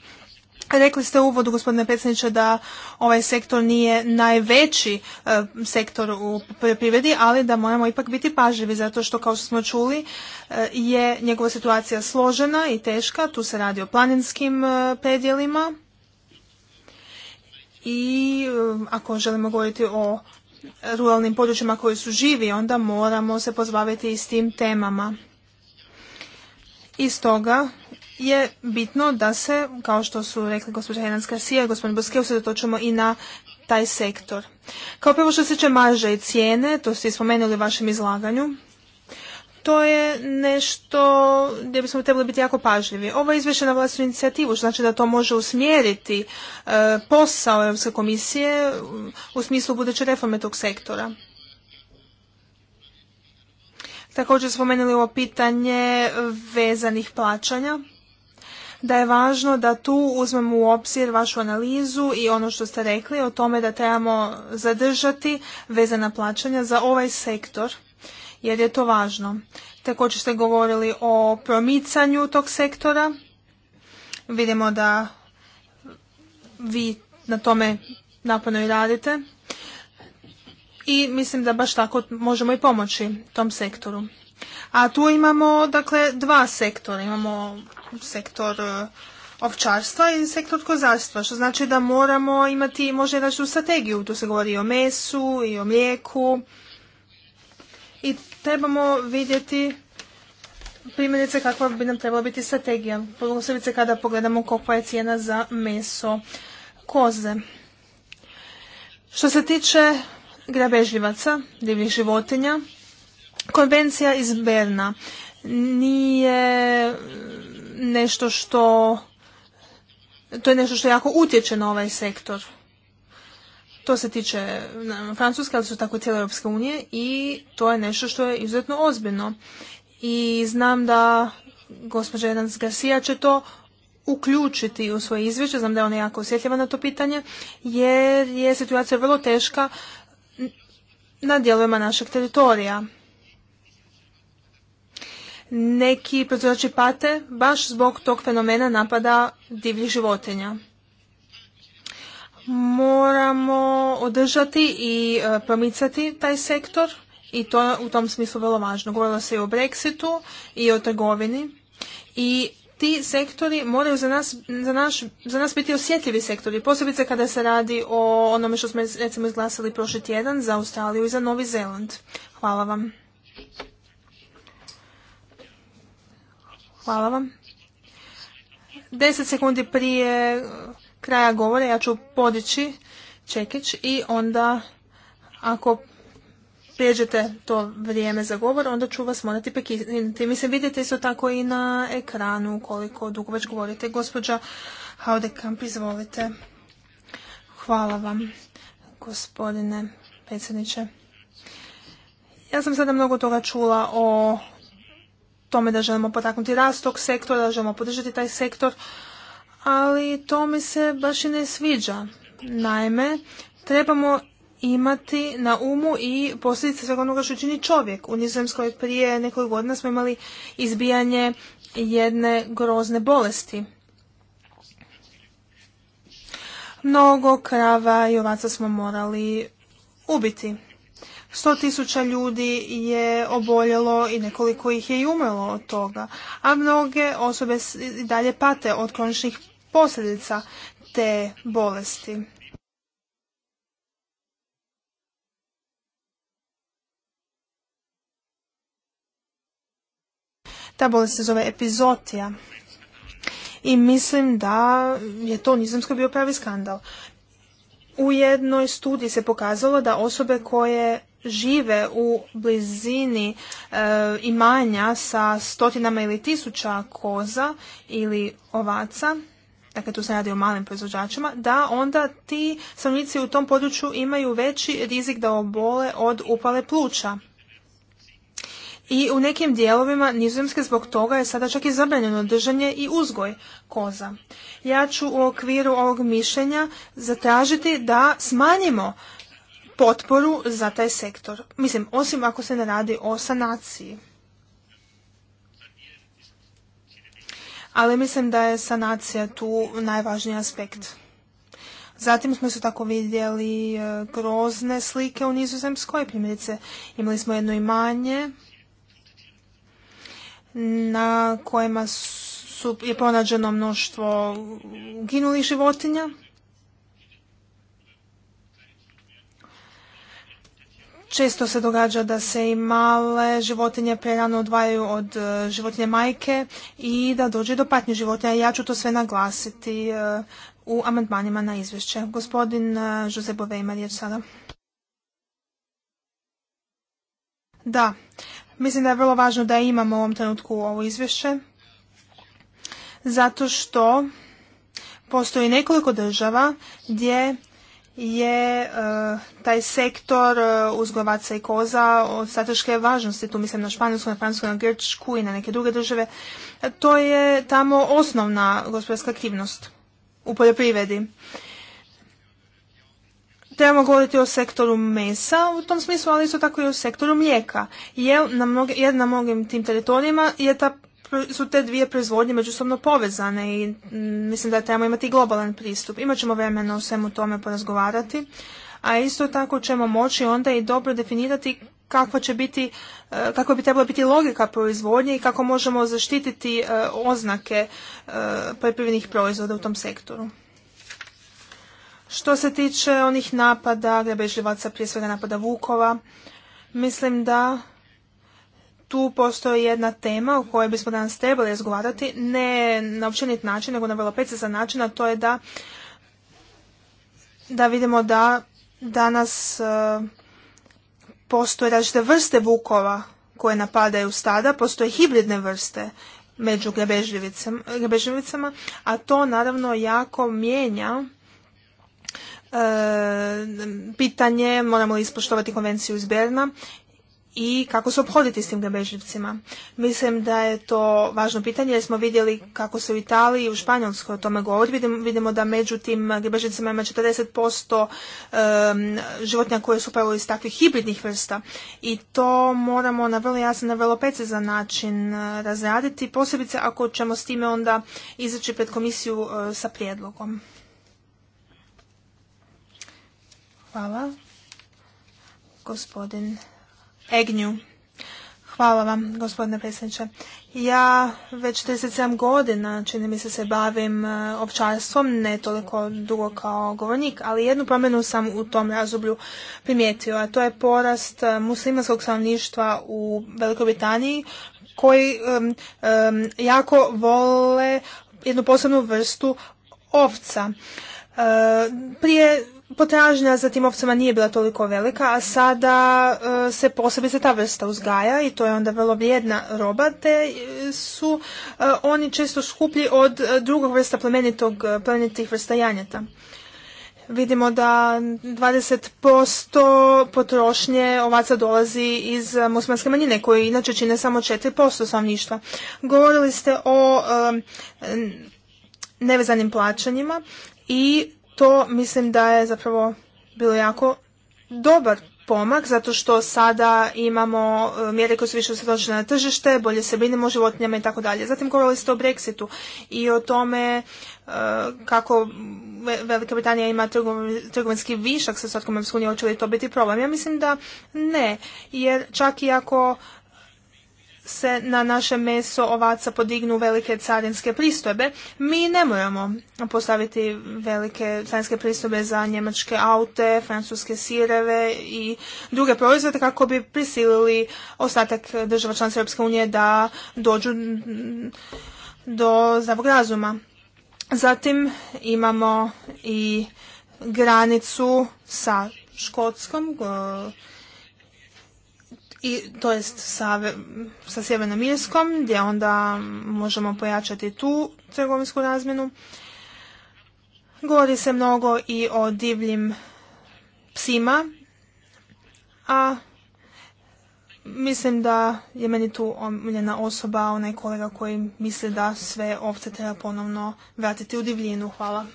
Rekli ste u uvodu, gospodine predsjedniče, da ovaj sektor nije najveći e, sektor u poljoprivredi, ali da moramo ipak biti pažljivi, zato što, kao što smo čuli, e, je njegova situacija složena i teška. Tu se radi o planinskim e, predjelima i ako želimo govoriti o ruralnim područjima koji su živi, onda moramo se pozbaviti i s tim temama. I stoga je bitno da se, kao što su rekli gospođa Henan Sija i gospodin Boske, usredotočimo i na taj sektor. Kao prvo što se tiče marže i cijene, to ste spomenuli u vašem izlaganju, to je nešto gdje bismo trebali biti jako pažljivi. Ovo je izvješće na vlastnu inicijativu, što znači da to može usmjeriti e, posao Europske komisije u smislu buduće reforme tog sektora također spomenuli ovo pitanje vezanih plaćanja da je važno da tu uzmemo u obzir vašu analizu i ono što ste rekli o tome da trebamo zadržati vezana plaćanja za ovaj sektor jer je to važno. Također ste govorili o promicanju tog sektora. Vidimo da vi na tome naporno i radite i mislim da baš tako možemo i pomoći tom sektoru. A tu imamo dakle dva sektora. Imamo sektor e, ovčarstva i sektor kozarstva, što znači da moramo imati možda jednu strategiju. Tu se govori i o mesu i o mlijeku. I trebamo vidjeti primjerice kakva bi nam trebala biti strategija. Posebice kada pogledamo kakva je cijena za meso koze. Što se tiče grabežljivaca, divljih životinja. Konvencija iz Berna nije nešto što to je nešto što jako utječe na ovaj sektor. To se tiče Francuske, ali su tako cijele Europske unije i to je nešto što je izuzetno ozbiljno. I znam da gospođa Edans Garcia će to uključiti u svoje izvješće, znam da je ona jako osjetljiva na to pitanje, jer je situacija vrlo teška na dijelovima našeg teritorija. Neki proizvođači pate baš zbog tog fenomena napada divljih životinja. Moramo održati i e, promicati taj sektor i to je u tom smislu vrlo važno. Govorilo se i o Brexitu i o trgovini i ti sektori moraju za nas, za, za nas biti osjetljivi sektori, posebice kada se radi o onome što smo recimo izglasali prošli tjedan za Australiju i za Novi Zeland. Hvala vam. Hvala vam. Deset sekundi prije kraja govora ja ću podići čekić i onda ako prijeđete to vrijeme za govor, onda ću vas morati prekinuti. Mislim, vidite isto tako i na ekranu koliko dugo već govorite. Gospođa Haudekamp, izvolite. Hvala vam, gospodine predsjedniče. Ja sam sada mnogo toga čula o tome da želimo potaknuti rast tog sektora, da želimo podržati taj sektor, ali to mi se baš i ne sviđa. Naime, trebamo imati na umu i posljedice svega onoga što čini čovjek. U Nizozemskoj prije nekoliko godina smo imali izbijanje jedne grozne bolesti. Mnogo krava i ovaca smo morali ubiti. Sto tisuća ljudi je oboljelo i nekoliko ih je i umrlo od toga, a mnoge osobe i dalje pate od kroničnih posljedica te bolesti. Ta bolest se zove epizotija. I mislim da je to nizamsko bio pravi skandal. U jednoj studiji se pokazalo da osobe koje žive u blizini e, imanja sa stotinama ili tisuća koza ili ovaca, dakle tu se radi o malim proizvođačima, da onda ti stanovnici u tom području imaju veći rizik da obole od upale pluća i u nekim dijelovima nizozemske zbog toga je sada čak i zabranjeno držanje i uzgoj koza. Ja ću u okviru ovog mišljenja zatražiti da smanjimo potporu za taj sektor. Mislim, osim ako se ne radi o sanaciji. Ali mislim da je sanacija tu najvažniji aspekt. Zatim smo se tako vidjeli e, grozne slike u Nizozemskoj. Primjerice, imali smo jedno imanje na kojima su, je pronađeno mnoštvo ginulih životinja. Često se događa da se i male životinje prerano odvajaju od e, životinje majke i da dođe do patnje životinja. Ja ću to sve naglasiti e, u amandmanima na izvješće. Gospodin Žuzebove e, ima riječ sada. Da, Mislim da je vrlo važno da imamo u ovom trenutku ovo izvješće, zato što postoji nekoliko država gdje je e, taj sektor e, uzgovaca i koza od strateške važnosti, tu mislim na Španjolsku, na Francusku, na Grčku i na neke druge države, e, to je tamo osnovna gospodarska aktivnost u poljoprivredi trebamo govoriti o sektoru mesa u tom smislu, ali isto tako i o sektoru mlijeka. Jer na, mnoge, jer na mnogim tim teritorijima je ta, su te dvije proizvodnje međusobno povezane i mm, mislim da trebamo imati globalan pristup. Imaćemo vremena o svemu tome porazgovarati, a isto tako ćemo moći onda i dobro definirati kakva će biti, e, kako bi trebala biti logika proizvodnje i kako možemo zaštititi e, oznake e, poljoprivrednih proizvoda u tom sektoru. Što se tiče onih napada, grebežljivaca, prije svega napada Vukova, mislim da tu postoji jedna tema o kojoj bismo danas trebali razgovarati, ne na općenit način, nego na vrlo precizan način, a to je da, da vidimo da danas e, postoje različite vrste vukova koje napadaju stada, postoje hibridne vrste među grebežljivicama, a to naravno jako mijenja E, pitanje moramo ispoštovati konvenciju iz Berna i kako se obhoditi s tim gabežljivcima. Mislim da je to važno pitanje jer smo vidjeli kako se u Italiji i u Španjolskoj o tome govori. Vidimo da među tim ima 40% životinja koje su upravo iz takvih hibridnih vrsta. I to moramo na vrlo jasan, na vrlo precizan način e, razraditi, posebice ako ćemo s time onda izaći pred komisiju e, sa prijedlogom. Hvala. Gospodin Egnju. Hvala vam, gospodine predsjedniče. Ja već 37 godina, čini mi se, se bavim e, općarstvom, ne toliko dugo kao govornik, ali jednu promjenu sam u tom razdoblju primijetio, a to je porast e, muslimanskog stanovništva u Velikoj Britaniji, koji jako vole jednu posebnu vrstu ovca. E, prije potražnja za tim ovcama nije bila toliko velika, a sada e, se posebice ta vrsta uzgaja i to je onda vrlo vrijedna roba, te e, su e, oni često skuplji od drugog vrsta plemenitog, plemenitih vrsta janjeta. Vidimo da 20% potrošnje ovaca dolazi iz muslimanske manjine, koji inače čine samo 4% stanovništva. Govorili ste o nevezanim plaćanjima i to mislim da je zapravo bilo jako dobar pomak zato što sada imamo e, mjere koje su više usredočene na tržište, bolje se brinemo o životinjama i tako dalje. Zatim govorili ste o Brexitu i o tome e, kako Velika Britanija ima trgovinski višak sa Svatkom Evropskom unijom, hoće li to biti problem? Ja mislim da ne, jer čak i ako se na naše meso ovaca podignu velike carinske pristojbe. Mi ne moramo postaviti velike carinske pristojbe za njemačke aute, francuske sireve i druge proizvode kako bi prisilili ostatak država članica Europske unije da dođu do zdravog razuma. Zatim imamo i granicu sa Škotskom i to jest sa, sa Sjevernom Irskom, gdje onda možemo pojačati tu trgovinsku razmjenu. Govori se mnogo i o divljim psima, a mislim da je meni tu omiljena osoba, onaj kolega koji misli da sve ovce treba ponovno vratiti u divljinu. Hvala.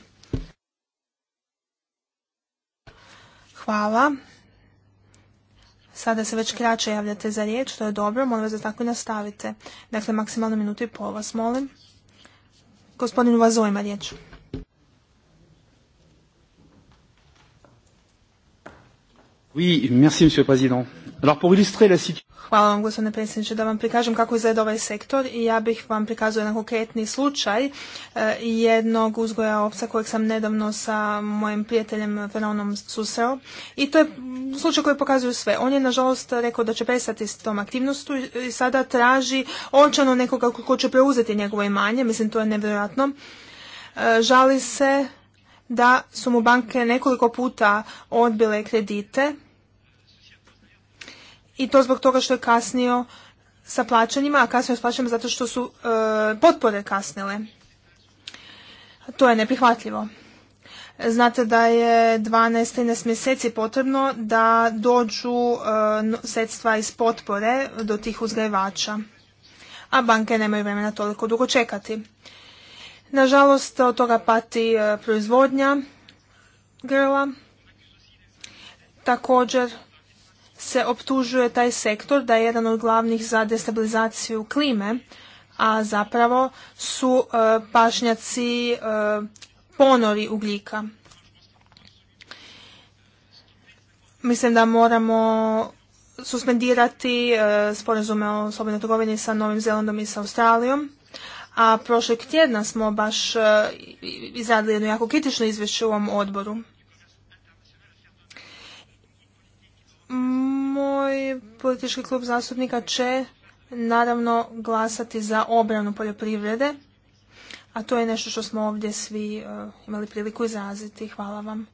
Hvala. Sada se već kraće javljate za riječ, to je dobro, molim vas da tako i nastavite. Dakle, maksimalno minutu i pol vas molim. Gospodin Vazo ima riječ. Oui, merci, monsieur le président. Hvala vam gospodine predsjedniče da vam prikažem kako izgleda ovaj sektor i ja bih vam prikazao jedan konkretni slučaj e, jednog uzgoja opca kojeg sam nedavno sa mojim prijateljem Veronom susreo i to je slučaj koji pokazuju sve. On je nažalost rekao da će prestati s tom aktivnostu i sada traži očano nekoga ko će preuzeti njegovo imanje, mislim to je nevjerojatno. E, žali se da su mu banke nekoliko puta odbile kredite i to zbog toga što je kasnio sa plaćanjima, a kasnio s plaćanjima zato što su e, potpore kasnile. To je neprihvatljivo. Znate da je 12-13 mjeseci potrebno da dođu e, sredstva iz potpore do tih uzgajivača, a banke nemaju vremena toliko dugo čekati. Nažalost, od toga pati e, proizvodnja grla. Također, se optužuje taj sektor da je jedan od glavnih za destabilizaciju klime, a zapravo su e, pašnjaci e, ponori ugljika. Mislim da moramo suspendirati e, sporazume o slobodnoj trgovini sa Novim Zelandom i sa Australijom. A prošlog tjedna smo baš e, izradili jedno jako kritično izvješće u ovom odboru. Moj politički klub zastupnika će naravno glasati za obranu poljoprivrede, a to je nešto što smo ovdje svi e, imali priliku izraziti. Hvala vam.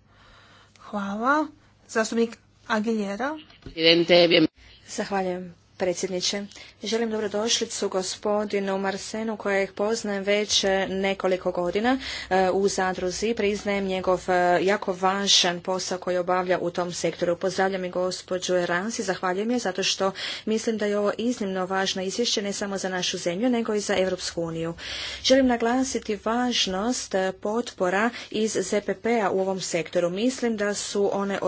Hvala. Zastupnik Aguilera. Zahvaljujem predsjedniče. Želim dobrodošlicu gospodinu Marsenu kojeg poznajem već e, nekoliko godina e, u zadruzi. Priznajem njegov e, jako važan posao koji obavlja u tom sektoru. Pozdravljam i gospođu Eransi, zahvaljujem je zato što mislim da je ovo iznimno važno izvješće ne samo za našu zemlju nego i za Europsku uniju. Želim naglasiti važnost potpora iz ZPP-a u ovom sektoru. Mislim da su one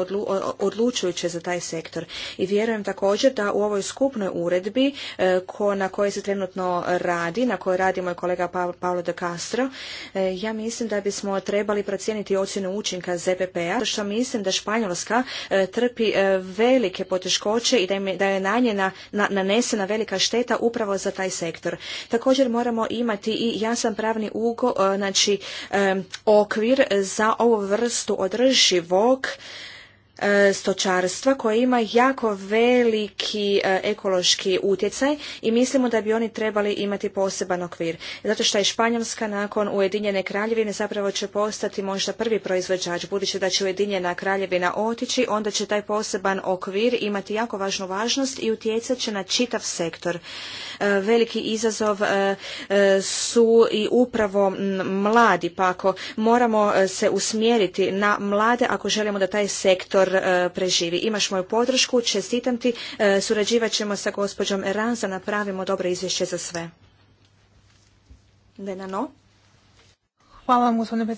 odlučujuće za taj sektor i vjerujem također da u ovoj skupnoj jednoj uredbi e, na kojoj se trenutno radi, na kojoj radi moj kolega Paolo de Castro. E, ja mislim da bismo trebali procijeniti ocjenu učinka ZPP-a, što mislim da Španjolska e, trpi velike poteškoće i da, da je na nanesena velika šteta upravo za taj sektor. Također moramo imati i jasan pravni ugo, znači okvir za ovu vrstu održivog E, stočarstva koje ima jako veliki e, ekološki utjecaj i mislimo da bi oni trebali imati poseban okvir. Zato što je Španjolska nakon Ujedinjene kraljevine zapravo će postati možda prvi proizvođač. Budući da će Ujedinjena kraljevina otići, onda će taj poseban okvir imati jako važnu važnost i utjecat će na čitav sektor. E, veliki izazov e, e, su i upravo mladi, pa ako moramo se usmjeriti na mlade ako želimo da taj sektor preživi. Imaš moju podršku, čestitam ti, surađivat ćemo sa gospođom Ranza, napravimo dobro izvješće za sve. Hvala vam, gospodine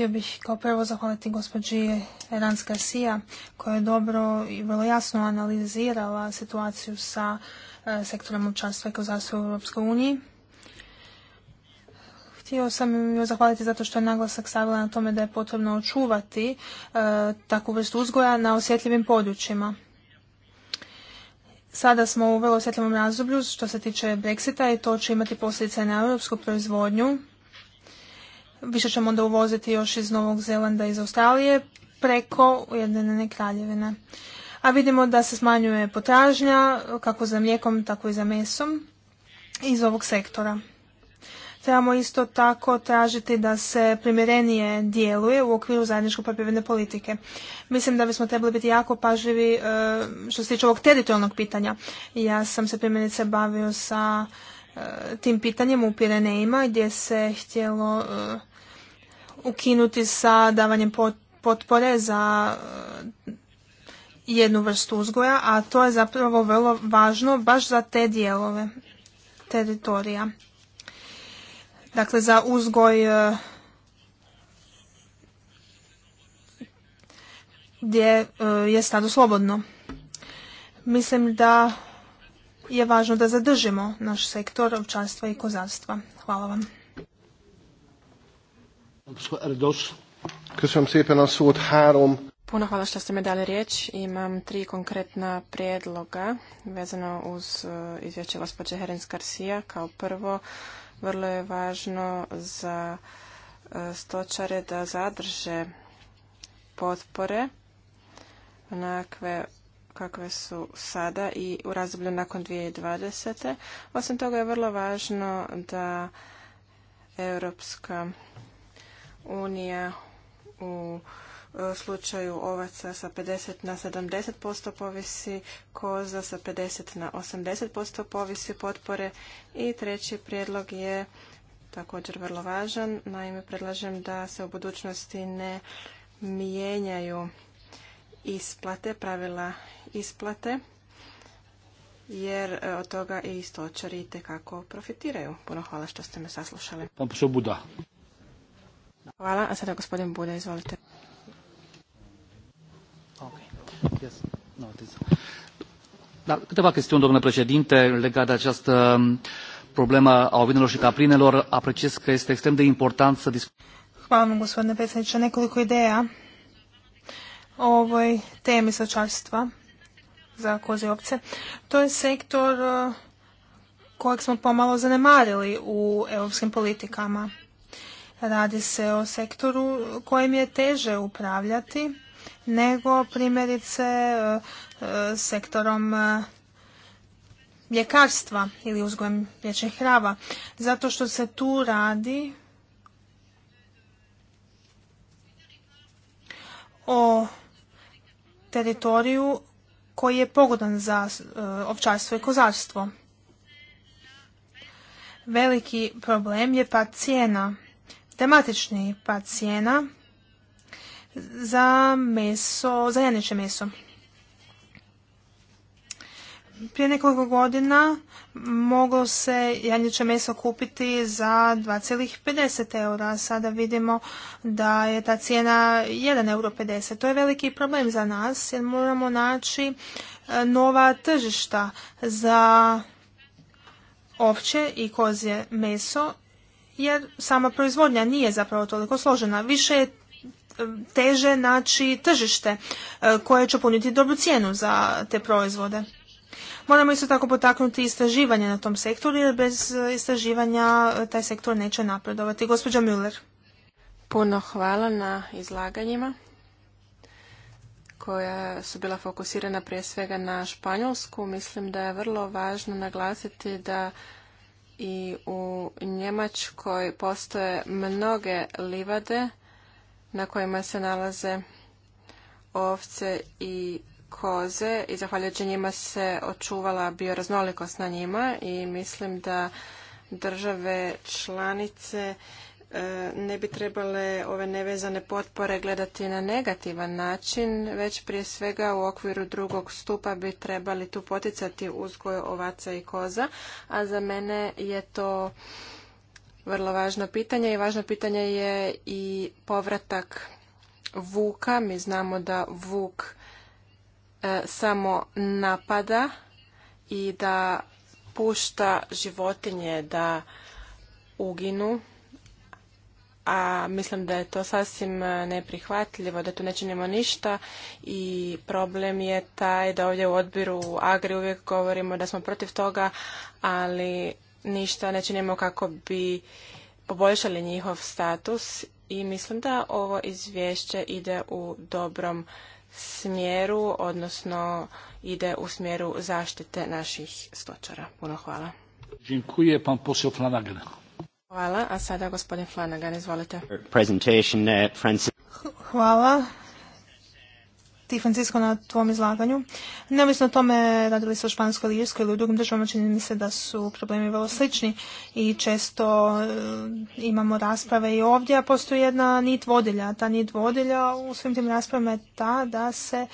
Htio bih kao prvo zahvaliti gospođi Ranska Sija koja je dobro i vrlo jasno analizirala situaciju sa e, sektorom občanstva i kozarstva u Europskoj uniji. Htio sam joj zahvaliti zato što je naglasak stavila na tome da je potrebno očuvati e, takvu vrstu uzgoja na osjetljivim područjima. Sada smo u vrlo osjetljivom razdoblju što se tiče Brexita i to će imati posljedice na europsku proizvodnju više ćemo onda uvoziti još iz Novog Zelanda i iz Australije preko Ujedinjene kraljevine. A vidimo da se smanjuje potražnja kako za mlijekom, tako i za mesom iz ovog sektora. Trebamo isto tako tražiti da se primjerenije djeluje u okviru zajedničke poljoprivredne politike. Mislim da bismo trebali biti jako pažljivi e, što se tiče ovog teritorijalnog pitanja. Ja sam se primjerice bavio sa e, tim pitanjem u Pirenejima gdje se htjelo e, ukinuti sa davanjem potpore za e, jednu vrstu uzgoja, a to je zapravo vrlo važno baš za te dijelove teritorija. Dakle, za uzgoj e, gdje e, je stado slobodno. Mislim da je važno da zadržimo naš sektor ovčarstva i kozarstva. Hvala vam. Puno hvala što ste me dali riječ. Imam tri konkretna prijedloga vezano uz eh, izvješće gospođe Herens Garcia. Kao prvo, vrlo je važno za eh, stočare da zadrže potpore onakve kakve su sada i u razdoblju nakon 2020. Osim toga je vrlo važno da Europska unija u e, slučaju ovaca sa 50 na 70% povisi, koza sa 50 na 80% povisi potpore i treći prijedlog je također vrlo važan. Naime, predlažem da se u budućnosti ne mijenjaju isplate, pravila isplate, jer e, od toga i stočari kako profitiraju. Puno hvala što ste me saslušali. Hvala, a sada gospodin Buda, izvolite. Okay. Yes. No, da, câteva chestiuni, domnule președinte, legat de această um, problemă a ovinelor și caprinelor. Apreciez că este extrem de important să discutăm. Hvala vam, gospodine predsjedniče. Nekoliko ideja o ovoj temi sočarstva za koze opce. To je sektor uh, kojeg smo pomalo zanemarili u europskim politikama. Radi se o sektoru kojem je teže upravljati nego primjerice e, e, sektorom e, mljekarstva ili uzgojem mliječnih hrava. Zato što se tu radi o teritoriju koji je pogodan za ovčarstvo i kozarstvo. Veliki problem je pa cijena tematični pad cijena za meso, za meso. Prije nekoliko godina moglo se janjeće meso kupiti za 2,50 eura. Sada vidimo da je ta cijena 1,50 euro. To je veliki problem za nas jer moramo naći e, nova tržišta za ovče i kozje meso jer sama proizvodnja nije zapravo toliko složena. Više je e, teže naći tržište e, koje će puniti dobru cijenu za te proizvode. Moramo isto tako potaknuti istraživanje na tom sektoru jer bez e, istraživanja taj sektor neće napredovati. Gospođa Müller. Puno hvala na izlaganjima koja su bila fokusirana prije svega na Španjolsku. Mislim da je vrlo važno naglasiti da i u Njemačkoj postoje mnoge livade na kojima se nalaze ovce i koze i zahvaljujući njima se očuvala bioraznolikost na njima i mislim da države članice E, ne bi trebale ove nevezane potpore gledati na negativan način, već prije svega u okviru drugog stupa bi trebali tu poticati uzgoj ovaca i koza, a za mene je to vrlo važno pitanje i važno pitanje je i povratak vuka. Mi znamo da vuk e, samo napada i da pušta životinje da uginu a mislim da je to sasvim e, neprihvatljivo, da tu ne činimo ništa i problem je taj da ovdje u odbiru Agri uvijek govorimo da smo protiv toga, ali ništa ne činimo kako bi poboljšali njihov status i mislim da ovo izvješće ide u dobrom smjeru, odnosno ide u smjeru zaštite naših stočara. Puno hvala. pan Hvala, a sada gospodin Flanagan, izvolite. Uh, Hvala. Ti, Francisco, na tvom izlaganju. Neovisno o tome radili se o Španskoj ili Irskoj ili u drugim državama, čini mi se da su problemi vrlo slični i često e, imamo rasprave i ovdje, a postoji jedna nit vodilja. Ta nit vodilja u svim tim raspravama je ta da se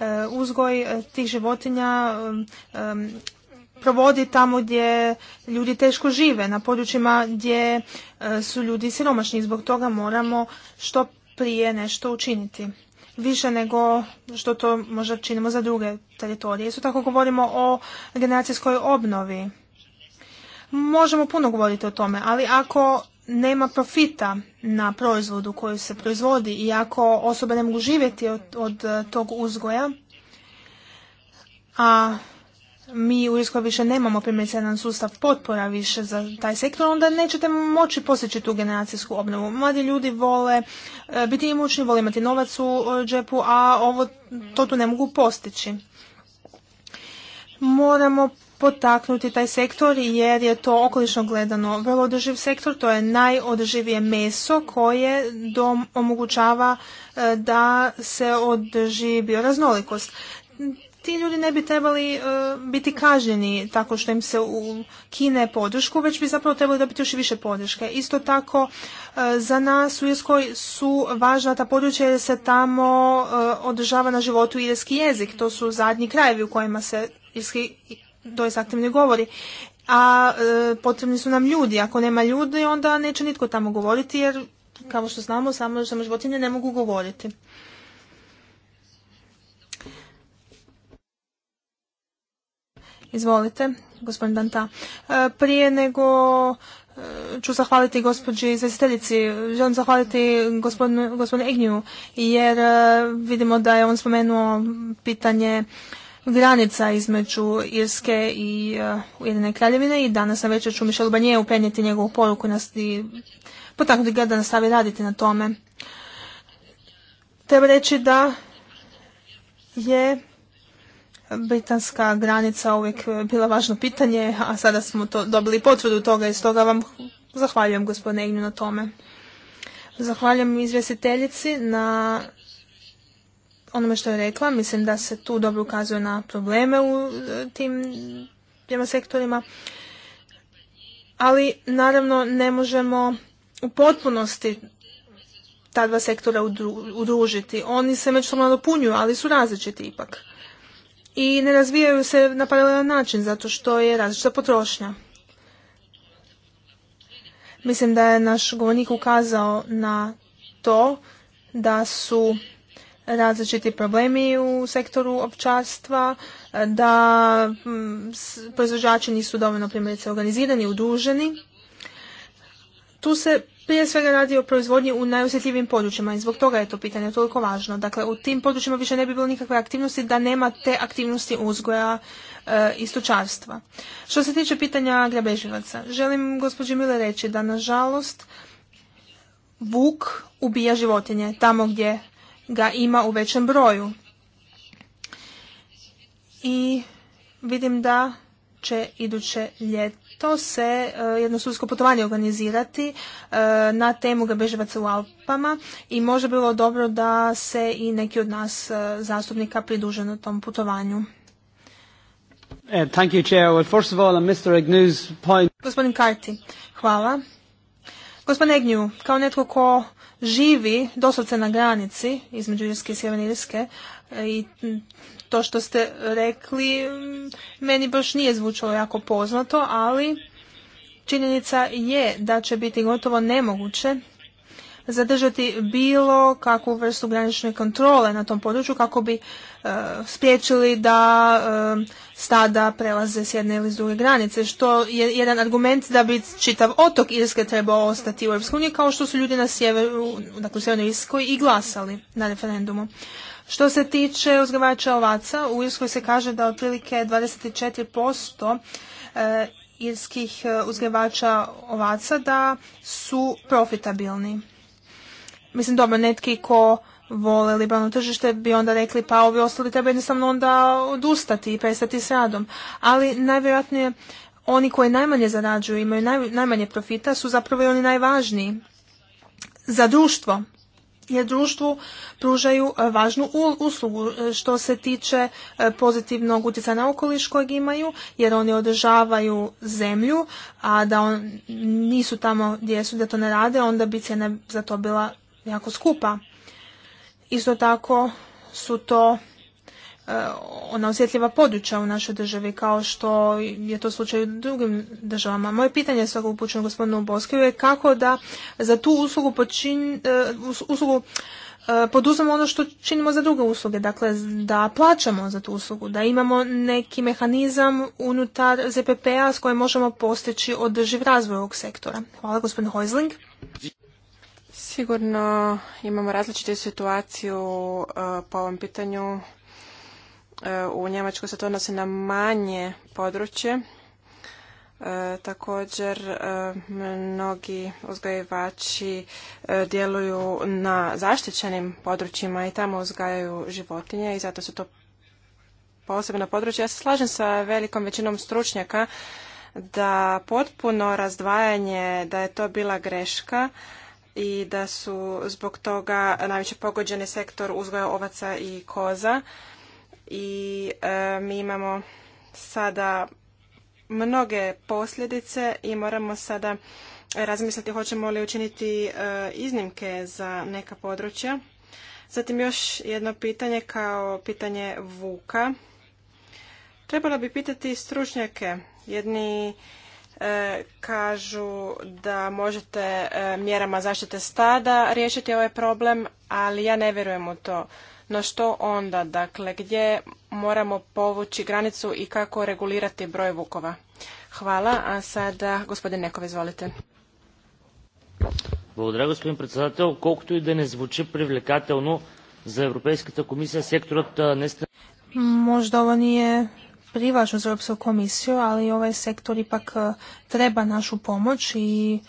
e, uzgoj e, tih životinja provodi tamo gdje ljudi teško žive, na područjima gdje e, su ljudi siromašni zbog toga moramo što prije nešto učiniti. Više nego što to možda činimo za druge teritorije. Isto tako govorimo o generacijskoj obnovi. Možemo puno govoriti o tome, ali ako nema profita na proizvodu koji se proizvodi i ako osobe ne mogu živjeti od, od tog uzgoja, a mi u Irskoj više nemamo primjerice jedan sustav potpora više za taj sektor, onda nećete moći postići tu generacijsku obnovu. Mladi ljudi vole e, biti imućni, vole imati novac u e, džepu, a ovo to tu ne mogu postići. Moramo potaknuti taj sektor jer je to okolično gledano vrlo održiv sektor, to je najodrživije meso koje omogućava e, da se održi bioraznolikost ti ljudi ne bi trebali e, biti kažnjeni tako što im se kine podršku, već bi zapravo trebali dobiti još više podrške. Isto tako e, za nas u Irskoj su važna ta područja jer se tamo e, održava na životu irski jezik. To su zadnji krajevi u kojima se irski doista aktivno govori. A potrebni su nam ljudi. Ako nema ljudi onda neće nitko tamo govoriti jer kao što znamo samo, samo životinje ne mogu govoriti. Izvolite, gospodin Danta. E, prije nego e, ću zahvaliti gospođi izvjestiteljici, želim zahvaliti gospodinu, gospodinu jer e, vidimo da je on spomenuo pitanje granica između Irske i Ujedine kraljevine i danas na večer ću Mišelu Banjevu upenjeti njegovu poruku i potaknuti ga da nastavi raditi na tome. Treba reći da je britanska granica uvijek bila važno pitanje, a sada smo to dobili potvrdu toga i stoga vam zahvaljujem gospodine Ignju na tome. Zahvaljujem izvjestiteljici na onome što je rekla. Mislim da se tu dobro ukazuje na probleme u e, tim dvijema sektorima. Ali naravno ne možemo u potpunosti ta dva sektora udružiti. Oni se međusobno nadopunjuju, ali su različiti ipak i ne razvijaju se na paralelan način zato što je različita potrošnja. Mislim da je naš govornik ukazao na to da su različiti problemi u sektoru općarstva, da mm, proizvođači nisu dovoljno primjerice organizirani, udruženi. Tu se prije svega radi o proizvodnji u najosjetljivim područjima i zbog toga je to pitanje toliko važno. Dakle, u tim područjima više ne bi bilo nikakve aktivnosti da nema te aktivnosti uzgoja e, i stočarstva. Što se tiče pitanja grabežljivaca, želim gospođi Mile reći da nažalost vuk ubija životinje tamo gdje ga ima u većem broju. I vidim da će iduće ljet to se eh, jedno sudsko putovanje organizirati eh, na temu Gabeževaca u Alpama i možda bilo dobro da se i neki od nas eh, zastupnika priduže na tom putovanju. Thank Gospodin Karti, hvala. Gospodin Egnju, kao netko ko živi doslovce na granici između Irske i Sjeverne Irske i to što ste rekli mm, meni baš nije zvučalo jako poznato, ali činjenica je da će biti gotovo nemoguće zadržati bilo kakvu vrstu granične kontrole na tom području kako bi e, spriječili da e, stada prelaze s jedne ili s druge granice, što je jedan argument da bi čitav otok Irske trebao ostati u EU, kao što su ljudi na sjeveru, dakle u Sjevernoj Irskoj i glasali na referendumu. Što se tiče uzgajivača ovaca, u Irskoj se kaže da otprilike 24% e, irskih e, uzgajivača ovaca da su profitabilni. Mislim, dobro, netki ko vole liberalno tržište bi onda rekli pa ovi ostali treba jednostavno onda odustati i prestati s radom. Ali najvjerojatnije oni koji najmanje zarađuju, imaju najmanje profita su zapravo i oni najvažniji za društvo jer društvu pružaju e, važnu uslugu e, što se tiče e, pozitivnog utjecaja na okoliš kojeg imaju, jer oni održavaju zemlju, a da on, nisu tamo gdje su da to ne rade, onda bi cijena za to bila jako skupa. Isto tako su to E, ona osjetljiva područja u našoj državi, kao što je to slučaj u drugim državama. Moje pitanje je svakog upućeno gospodinu Boskiju je kako da za tu uslugu, počin, e, uslugu e, poduzmemo ono što činimo za druge usluge, dakle da plaćamo za tu uslugu, da imamo neki mehanizam unutar ZPP-a s kojim možemo postići održiv razvoj ovog sektora. Hvala gospodin Hoizling. Sigurno imamo različitu situaciju po ovom pitanju E, u Njemačkoj se to odnosi na manje područje. E, također e, mnogi uzgajivači djeluju na zaštićenim područjima i tamo uzgajaju životinje i zato su to posebna područja. Ja se slažem sa velikom većinom stručnjaka da potpuno razdvajanje, da je to bila greška i da su zbog toga najveće pogođeni sektor uzgoja ovaca i koza i e, mi imamo sada mnoge posljedice i moramo sada razmisliti hoćemo li učiniti e, iznimke za neka područja. Zatim još jedno pitanje kao pitanje Vuka. Trebalo bi pitati stručnjake. Jedni e, kažu da možete mjerama zaštite stada riješiti ovaj problem, ali ja ne vjerujem u to. No što onda? Dakle, gdje moramo povući granicu i kako regulirati broj vukova? Hvala, a sada gospodin Nekov, izvolite. Благодаря, господин председател. Колкото и да не звучи привлекателно за Европейската комисия, секторът наистина... Možda ovo nije privlačno za Europsku komisiju, ali ovaj sektor ipak treba našu pomoć i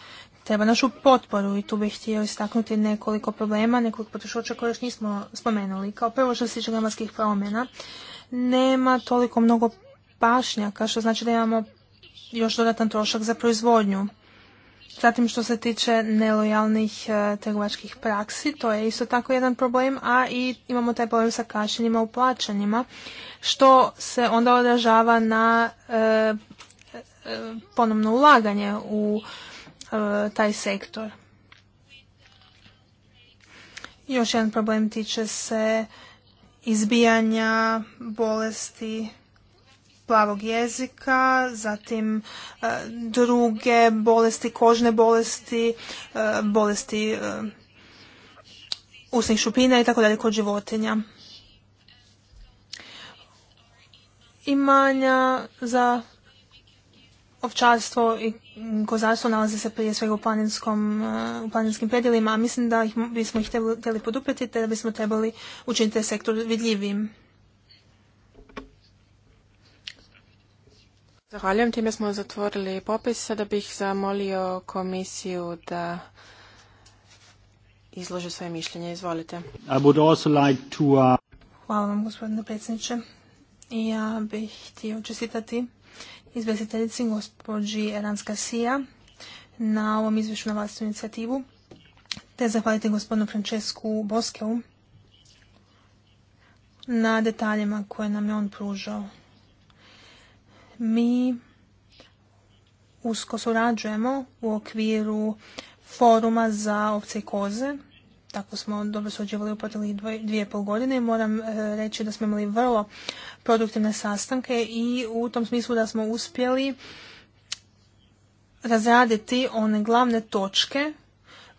treba našu potporu i tu bih htio istaknuti nekoliko problema, nekoliko poteškoća koje još nismo spomenuli. Kao prvo što se tiče klimatskih promjena, nema toliko mnogo pašnjaka, što znači da imamo još dodatan trošak za proizvodnju. Zatim što se tiče nelojalnih e, trgovačkih praksi, to je isto tako jedan problem, a i imamo taj problem sa kašenjima u plaćanjima, što se onda odražava na e, e, ponovno ulaganje u E, taj sektor. Još jedan problem tiče se izbijanja bolesti plavog jezika, zatim e, druge bolesti, kožne bolesti, e, bolesti usnih šupina i tako dalje kod životinja. Imanja za ovčarstvo i kozarstvo nalaze se prije svega u, e, planinskim predjelima, a mislim da ih, bismo ih htjeli poduprijeti te da bismo trebali učiniti sektor vidljivim. Zahvaljujem, time smo zatvorili popis. Sada bih zamolio komisiju da izlože svoje mišljenje. Izvolite. Uh, Hvala vam, gospodine predsjedniče. Ja bih htio čestitati izvjestiteljici gospođi Ranska Sija na ovom izvješću na vlastnu inicijativu te zahvaliti gospodinu Francesku Boskeu na detaljima koje nam je on pružao. Mi usko surađujemo u okviru foruma za ovce i koze. Tako smo dobro surađivali u proteklih dvije i pol godine. Moram e, reći da smo imali vrlo produktivne sastanke i u tom smislu da smo uspjeli razraditi one glavne točke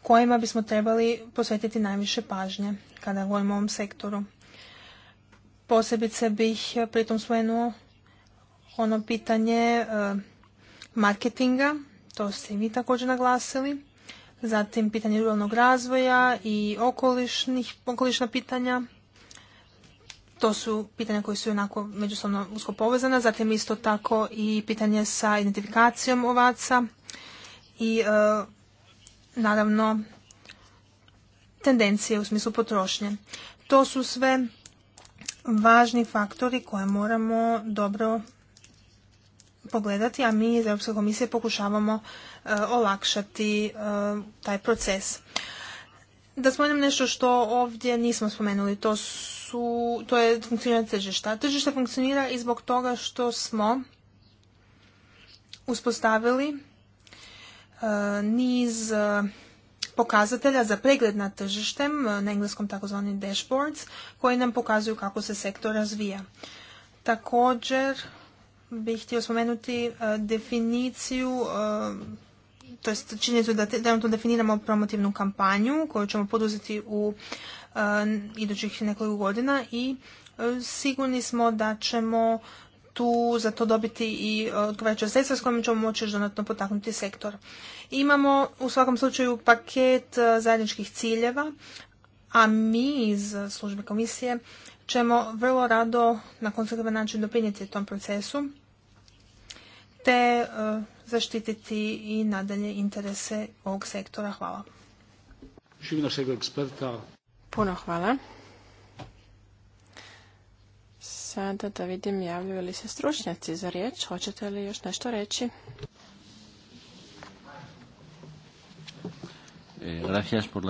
kojima bismo trebali posvetiti najviše pažnje kada govorimo o ovom sektoru. Posebice bih pritom spomenuo ono pitanje e, marketinga, to ste i vi također naglasili, zatim pitanje ruralnog razvoja i okolišna pitanja, to su pitanja koja su onako međusobno usko povezana, zatim isto tako i pitanje sa identifikacijom ovaca i e, naravno tendencije u smislu potrošnje. To su sve važni faktori koje moramo dobro pogledati, a mi iz Europske komisije pokušavamo e, olakšati e, taj proces. Da spomenem nešto što ovdje nismo spomenuli, to su su, to je funkcioniranje tržišta. Tržište funkcionira i zbog toga što smo uspostavili e, niz e, pokazatelja za pregled nad tržištem, e, na engleskom takozvani dashboards, koji nam pokazuju kako se sektor razvija. Također bih htio spomenuti definiciju to jest činjenicu da trenutno definiramo promotivnu kampanju koju ćemo poduzeti u E, idućih nekoliko godina i e, sigurni smo da ćemo tu za to dobiti i odgovarajuća e, sredstva s kojima ćemo moći još dodatno potaknuti sektor. Imamo u svakom slučaju paket zajedničkih ciljeva, a mi iz službe komisije ćemo vrlo rado na konstruktivan način doprinijeti tom procesu te zaštititi i nadalje interese ovog sektora. Hvala. Puno hvala. Sada da vidim javljaju li se stručnjaci za riječ. Hoćete li još nešto reći? Eh, gracias por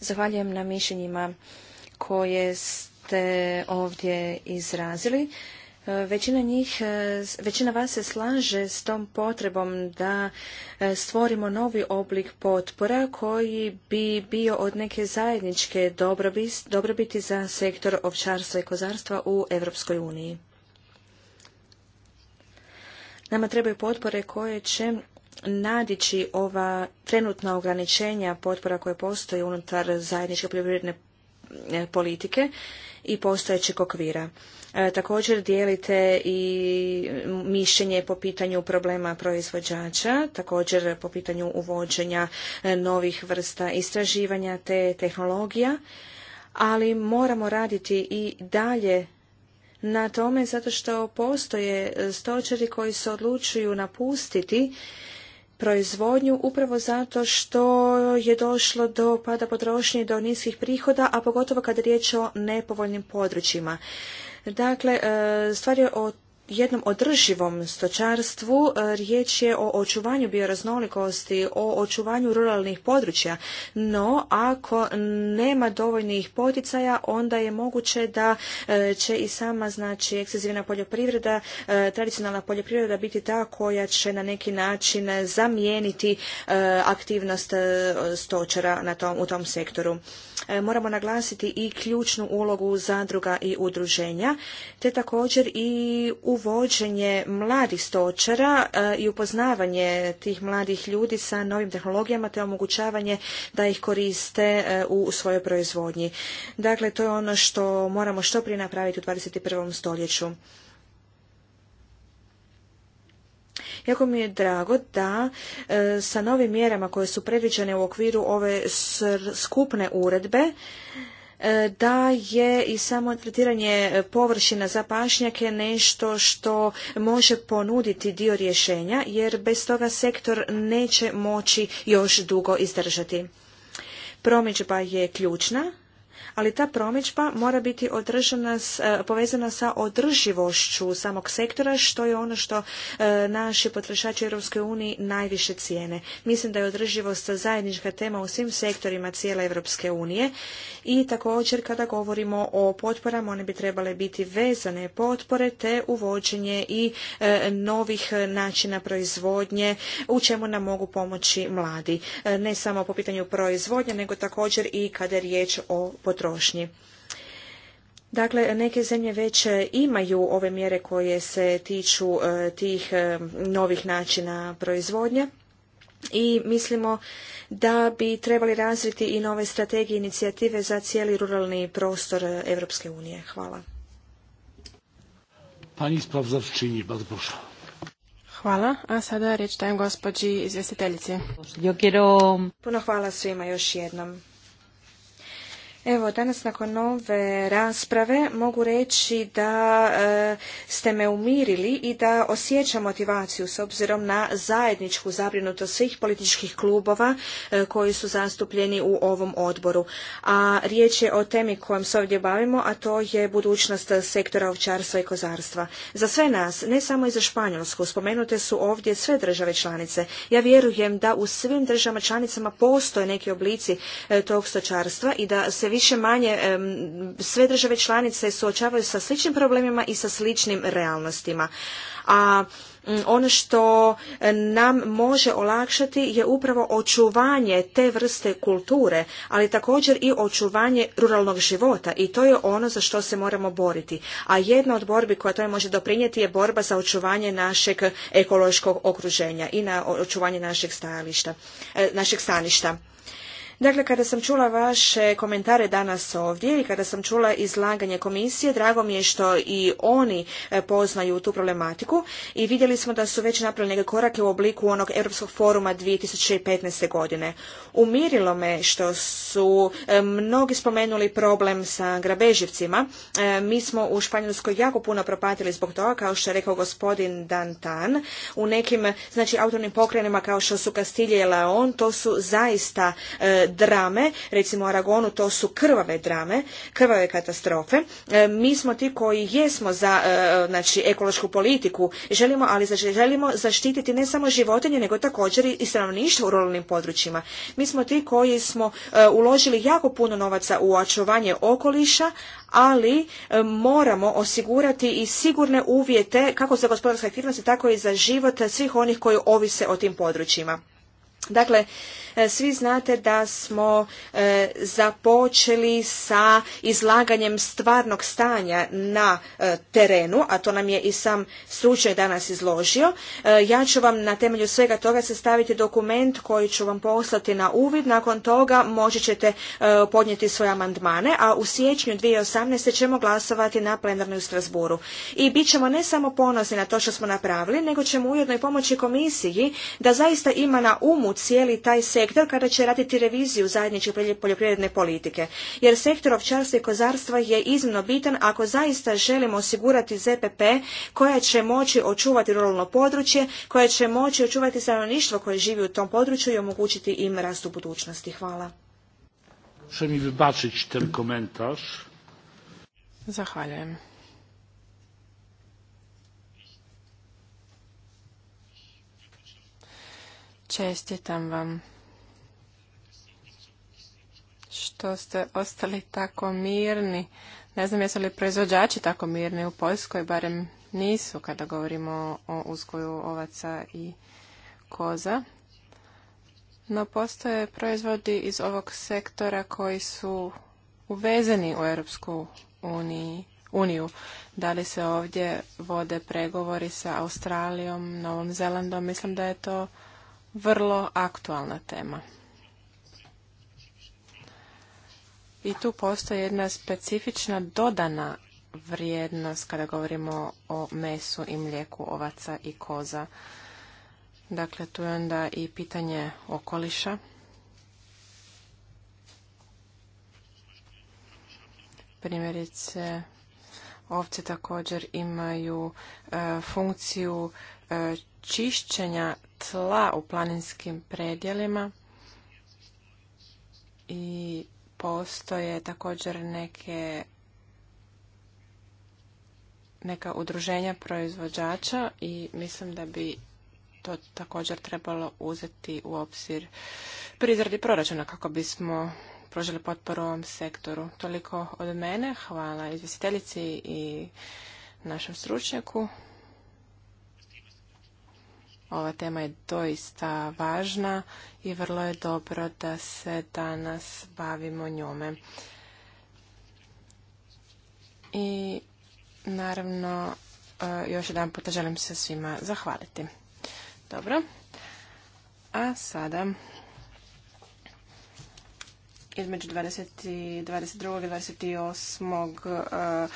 Zahvaljujem na mišljenjima koje ste ovdje izrazili. E, većina njih, e, većina vas se slaže s tom potrebom da e, stvorimo novi oblik potpora koji bi bio od neke zajedničke dobrobiti za sektor ovčarstva i kozarstva u Europskoj uniji. Nama trebaju potpore koje će nadići ova trenutna ograničenja potpora koje postoje unutar zajedničke poljoprivredne politike i postojećeg okvira. E, također dijelite i mišljenje po pitanju problema proizvođača, također po pitanju uvođenja e, novih vrsta istraživanja te tehnologija, ali moramo raditi i dalje na tome zato što postoje e, stočari koji se odlučuju napustiti proizvodnju upravo zato što je došlo do pada potrošnje do niskih prihoda, a pogotovo kad je riječ o nepovoljnim područjima. Dakle, e, stvar je o jednom održivom stočarstvu, e, riječ je o očuvanju bioraznolikosti, o očuvanju ruralnih područja, no ako nema dovoljnih poticaja, onda je moguće da e, će i sama znači ekscesivna poljoprivreda, tradicionalna poljoprivreda biti ta koja će na neki način zamijeniti aktivnost stočara u tom sektoru. E, moramo naglasiti i ključnu ulogu zadruga i udruženja, te također i uvođenje mladih stočara e, i upoznavanje tih mladih ljudi sa novim tehnologijama te omogućavanje da ih koriste e, u svojoj proizvodnji. Dakle, to je ono što moramo što prije napraviti u 21. stoljeću. Jako mi je drago da e, sa novim mjerama koje su predviđene u okviru ove skupne uredbe e, da je i samo tretiranje površina za pašnjake nešto što može ponuditi dio rješenja jer bez toga sektor neće moći još dugo izdržati. Promidžba je ključna ali ta promidžba mora biti održana e, povezana sa održivošću samog sektora, što je ono što e, naši potrošači u Europskoj najviše cijene. Mislim da je održivost zajednička tema u svim sektorima cijele Europske unije i također kada govorimo o potporama, one bi trebale biti vezane potpore te uvođenje i e, novih načina proizvodnje u čemu nam mogu pomoći mladi. ne samo po pitanju proizvodnje, nego također i kada je riječ o potrošnju potrošnji. Dakle, neke zemlje već imaju ove mjere koje se tiču e, tih e, novih načina proizvodnje i mislimo da bi trebali razviti i nove strategije i inicijative za cijeli ruralni prostor Europske unije. Hvala. Pani spravzavčini, Hvala, a sada riječ dajem gospođi izvjestiteljici. Puno hvala svima još jednom. Evo, danas nakon ove rasprave mogu reći da e, ste me umirili i da osjećam motivaciju s obzirom na zajedničku zabrinutost svih političkih klubova e, koji su zastupljeni u ovom odboru. A riječ je o temi kojom se ovdje bavimo, a to je budućnost sektora ovčarstva i kozarstva. Za sve nas, ne samo i za Španjolsku, spomenute su ovdje sve države članice. Ja vjerujem da u svim državama članicama postoje neki oblici e, tog stočarstva i da se više manje sve države članice suočavaju sa sličnim problemima i sa sličnim realnostima. A mm, ono što e, nam može olakšati je upravo očuvanje te vrste kulture, ali također i očuvanje ruralnog života i to je ono za što se moramo boriti. A jedna od borbi koja to može doprinijeti je borba za očuvanje našeg ekološkog okruženja i na očuvanje našeg stajališta, e, našeg staništa. Dakle, kada sam čula vaše komentare danas ovdje i kada sam čula izlaganje komisije, drago mi je što i oni e, poznaju tu problematiku i vidjeli smo da su već napravili neke korake u obliku onog Europskog foruma 2015. godine. Umirilo me što su e, mnogi spomenuli problem sa grabeživcima. E, mi smo u Španjolskoj jako puno propatili zbog toga, kao što je rekao gospodin Dantan. U nekim, znači, autornim pokrenima kao što su Kastilje i Leon, to su zaista drame, recimo u Aragonu to su krvave drame, krvave katastrofe. E, mi smo ti koji jesmo za e, znači, ekološku politiku, želimo, ali želimo zaštititi ne samo životinje, nego također i stanovništvo u ruralnim područjima. Mi smo ti koji smo e, uložili jako puno novaca u očuvanje okoliša, ali moramo osigurati i sigurne uvjete kako za gospodarske aktivnosti, tako i za život svih onih koji ovise o tim područjima. Dakle, e, svi znate da smo e, započeli sa izlaganjem stvarnog stanja na e, terenu, a to nam je i sam slučaj danas izložio. ja ću vam na temelju svega toga sastaviti dokument koji ću vam poslati na uvid. Nakon toga moći ćete podnijeti svoje amandmane, a u siječnju 2018. ćemo glasovati na plenarnoj u Strasburu. I bit ćemo ne samo ponosni na to što smo napravili, nego ćemo ujedno i pomoći komisiji da zaista ima na umu u cijeli taj sektor kada će raditi reviziju zajedničke poljoprivredne politike. Jer sektor ovčarstva i kozarstva je iznimno bitan ako zaista želimo osigurati ZPP koja će moći očuvati ruralno područje, koja će moći očuvati stanovništvo koje živi u tom području i omogućiti im rast u budućnosti. Hvala. mi ten Zahvaljujem. Čestitam vam što ste ostali tako mirni. Ne znam jesu li proizvođači tako mirni u Poljskoj, barem nisu kada govorimo o uzgoju ovaca i koza. No postoje proizvodi iz ovog sektora koji su uvezeni u Europsku uniju. Da li se ovdje vode pregovori sa Australijom, Novom Zelandom? Mislim da je to vrlo aktualna tema. I tu postoji jedna specifična dodana vrijednost kada govorimo o mesu i mlijeku ovaca i koza. Dakle, tu je onda i pitanje okoliša. Primjerice, ovce također imaju e, funkciju e, čišćenja tla u planinskim predjelima i postoje također neke neka udruženja proizvođača i mislim da bi to također trebalo uzeti u obzir pri izradi proračuna kako bismo pružili potporu ovom sektoru. Toliko od mene. Hvala izvjestiteljici i našem stručnjaku. Ova tema je doista važna i vrlo je dobro da se danas bavimo njome. I naravno e, još jedan puta želim se svima zahvaliti. Dobro. A sada između 20 22. i 28.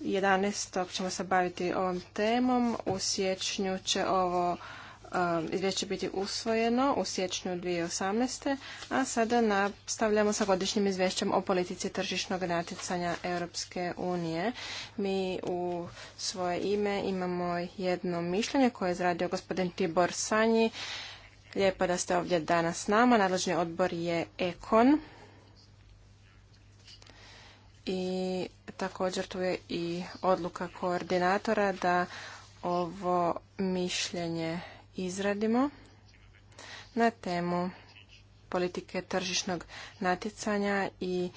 11. ćemo se baviti ovom temom. U siječnju će ovo um, izvješće biti usvojeno u siječnju 2018. A sada nastavljamo sa godišnjim izvješćem o politici tržišnog natjecanja Europske unije. Mi u svoje ime imamo jedno mišljenje koje je izradio gospodin Tibor Sanji. Lijepo da ste ovdje danas s nama. Nadležni odbor je Ekon i također tu je i odluka koordinatora da ovo mišljenje izradimo na temu politike tržišnog natjecanja i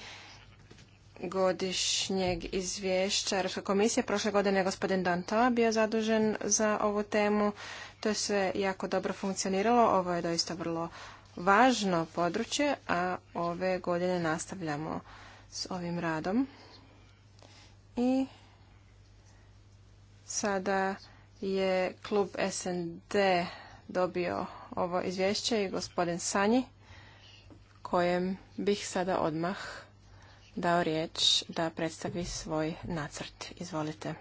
godišnjeg izvješća Europske komisije. Prošle godine je gospodin Danta bio zadužen za ovu temu. To je sve jako dobro funkcioniralo. Ovo je doista vrlo važno područje, a ove godine nastavljamo s ovim radom. I sada je klub SND dobio ovo izvješće i gospodin Sanji kojem bih sada odmah dao riječ da predstavi svoj nacrt. Izvolite.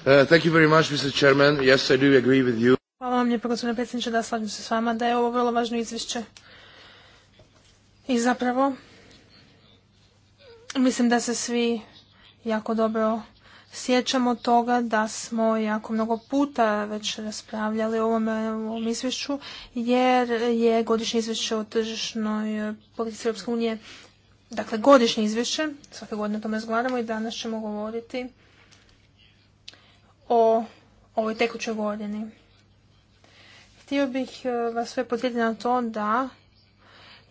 Uh, thank you very much, Mr. Chairman. Yes, I do agree with you vam lijepo, gospodine predsjedniče, da slažem se s vama da je ovo vrlo važno izvješće. I zapravo, mislim da se svi jako dobro sjećamo toga da smo jako mnogo puta već raspravljali o ovom, ovom izvješću, jer je godišnje izvješće o tržišnoj politici Europske unije, dakle godišnje izvješće, svake godine o tome razgovaramo i danas ćemo govoriti o ovoj tekućoj godini. Htio bih e, vas sve podsjetiti na to da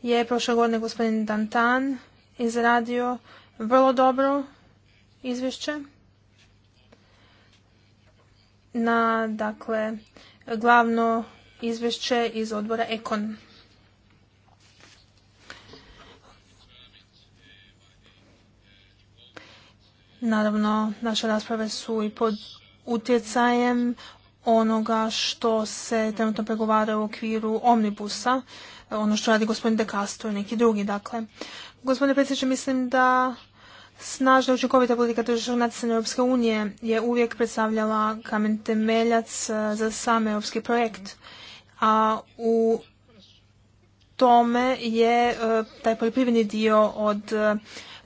je prošle godine gospodin Dantan izradio vrlo dobro izvješće na dakle glavno izvješće iz odbora Ekon. Naravno, naše rasprave su i pod utjecajem onoga što se trenutno pregovara u okviru omnibusa, ono što radi gospodin De Castro i neki drugi. Dakle, gospodine predsjedniče, mislim da snažna učinkovita politika tržišnog nacionalne Europske unije je uvijek predstavljala kamen temeljac e, za sam europski projekt. A u tome je e, taj poljoprivredni dio od e,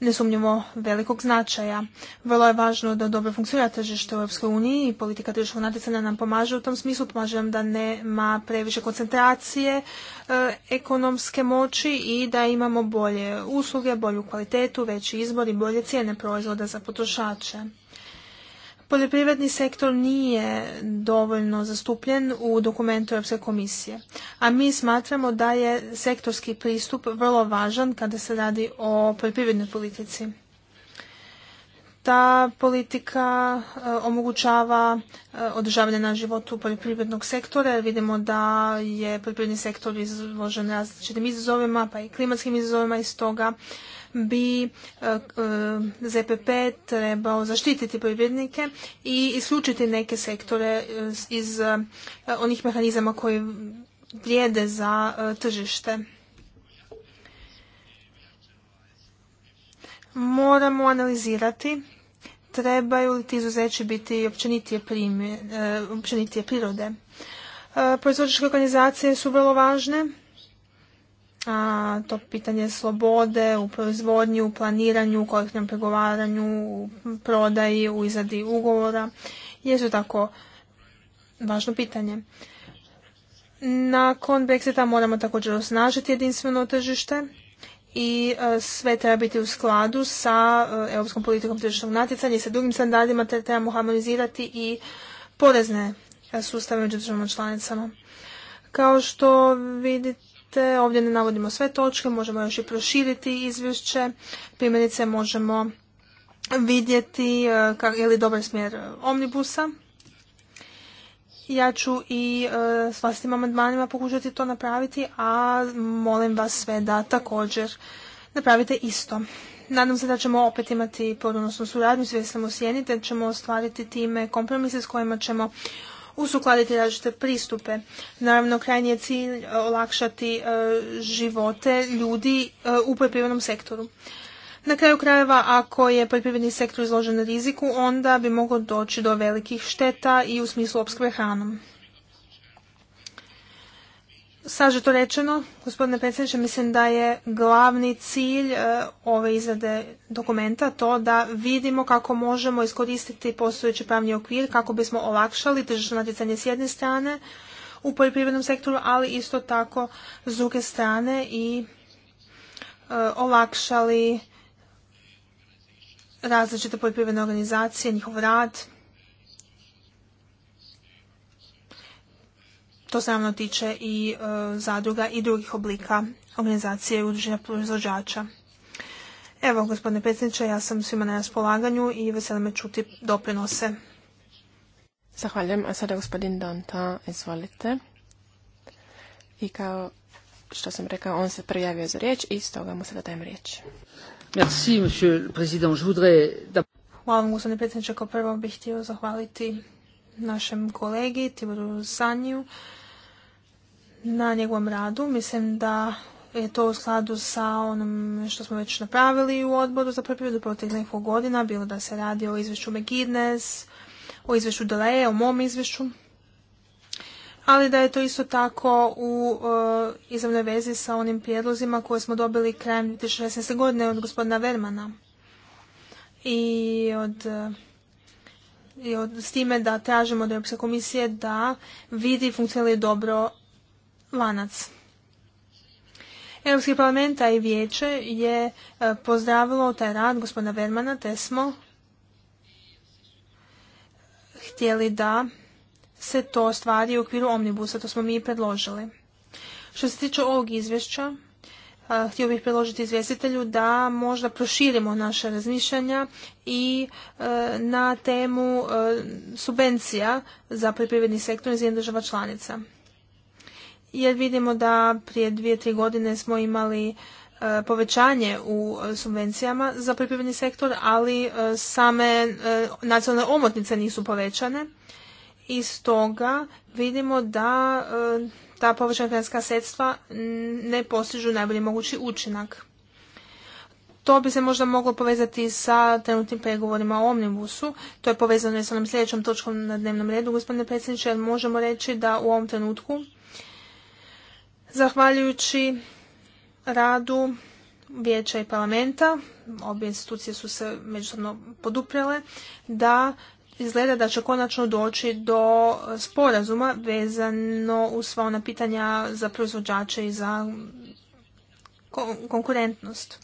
nesumnjivo velikog značaja. Vrlo je važno da dobro funkcionira tržište u Europskoj uniji i politika tržišnog natjecanja nam pomaže u tom smislu. Pomaže nam da nema previše koncentracije e, ekonomske moći i da imamo bolje usluge, bolju kvalitetu, veći izbor i bolje cijene proizvoda za potrošače poljoprivredni sektor nije dovoljno zastupljen u dokumentu Europske komisije, a mi smatramo da je sektorski pristup vrlo važan kada se radi o poljoprivrednoj politici. Ta politika eh, omogućava eh, održavanje na životu poljoprivrednog sektora vidimo da je poljoprivredni sektor izložen različitim izazovima pa i klimatskim izazovima i toga bi eh, ZPP trebao zaštititi poljoprivrednike i isključiti neke sektore eh, iz eh, onih mehanizama koji vrijede za tržište. Moramo analizirati trebaju li ti izuzeći biti općenitije, općenitije prirode. Proizvođačke organizacije su vrlo važne a, to pitanje slobode u proizvodnji, u planiranju, u kolektivnom pregovaranju, u prodaji, u izradi ugovora, jesu tako važno pitanje. Nakon Brexita moramo također osnažiti jedinstveno tržište i e, sve treba biti u skladu sa e, europskom politikom tržišnog natjecanja i sa drugim standardima te trebamo harmonizirati i porezne e, sustave među državama članicama. Kao što vidite, ovdje ne navodimo sve točke, možemo još i proširiti izvješće, primjerice možemo vidjeti e, je li dobar smjer omnibusa. Ja ću i e, s vlastnim amandmanima pokušati to napraviti, a molim vas sve da također napravite isto. Nadam se da ćemo opet imati plodonosnu suradnju sve u ćemo ostvariti time kompromise s kojima ćemo usukladiti različite pristupe. Naravno, krajnji je cilj e, olakšati e, živote ljudi e, u poljoprivrednom sektoru. Na kraju krajeva, ako je poljoprivredni sektor izložen riziku, onda bi moglo doći do velikih šteta i u smislu opskrbe hranom. Sažeto rečeno, gospodine predsjedniče, mislim da je glavni cilj e, ove izrade dokumenta to da vidimo kako možemo iskoristiti postojeći pravni okvir kako bismo olakšali tržišno natjecanje s jedne strane u poljoprivrednom sektoru, ali isto tako s druge strane i e, olakšali različite poljoprivredne organizacije, njihov rad To se naravno tiče i e, zadruga i drugih oblika organizacije i udruženja proizvođača. Evo, gospodine predsjedniče, ja sam svima na raspolaganju i vesela me čuti doprinose. Zahvaljujem. A sada gospodin Danta, izvolite. I kao što sam rekao, on se prijavio za riječ i stoga mu sada dajem riječ. Merci, monsieur le président. Je voudrais... Hvala vam, gospodine predsjedniče. Kao prvo bih htio zahvaliti našem kolegi Tiboru Sanju na njegovom radu. Mislim da je to u skladu sa onom što smo već napravili u odboru za poljoprivredu proteklih godina, bilo da se radi o izvješću McGuinness, o izvješću Deleje, o mom izvješću, ali da je to isto tako u e, izravnoj vezi sa onim prijedlozima koje smo dobili krajem 2016. godine od gospodina Vermana e, i od s time da tražimo od Europske komisije da vidi funkcionira dobro lanac. Europski parlament, a i vijeće je e, pozdravilo taj rad gospodina Vermana, te smo htjeli da se to stvari u okviru omnibusa, to smo mi i predložili. Što se tiče ovog izvješća, e, htio bih predložiti izvjestitelju da možda proširimo naše razmišljanja i e, na temu subvencija za poljoprivredni sektor iz jedne država članica jer vidimo da prije dvije, tri godine smo imali e, povećanje u e, subvencijama za poljoprivredni sektor, ali e, same nacionalne omotnice nisu povećane. I stoga vidimo da ta povećana financijska sredstva ne postižu najbolji mogući učinak. To bi se možda moglo povezati sa trenutnim pregovorima o omnibusu. To je povezano i sa onom sljedećom točkom na dnevnom redu, gospodine predsjedniče, jer možemo reći da u ovom trenutku Zahvaljujući radu vijeća i parlamenta, obje institucije su se međusobno poduprele, da izgleda da će konačno doći do sporazuma vezano uz sva ona pitanja za proizvođače i za konkurentnost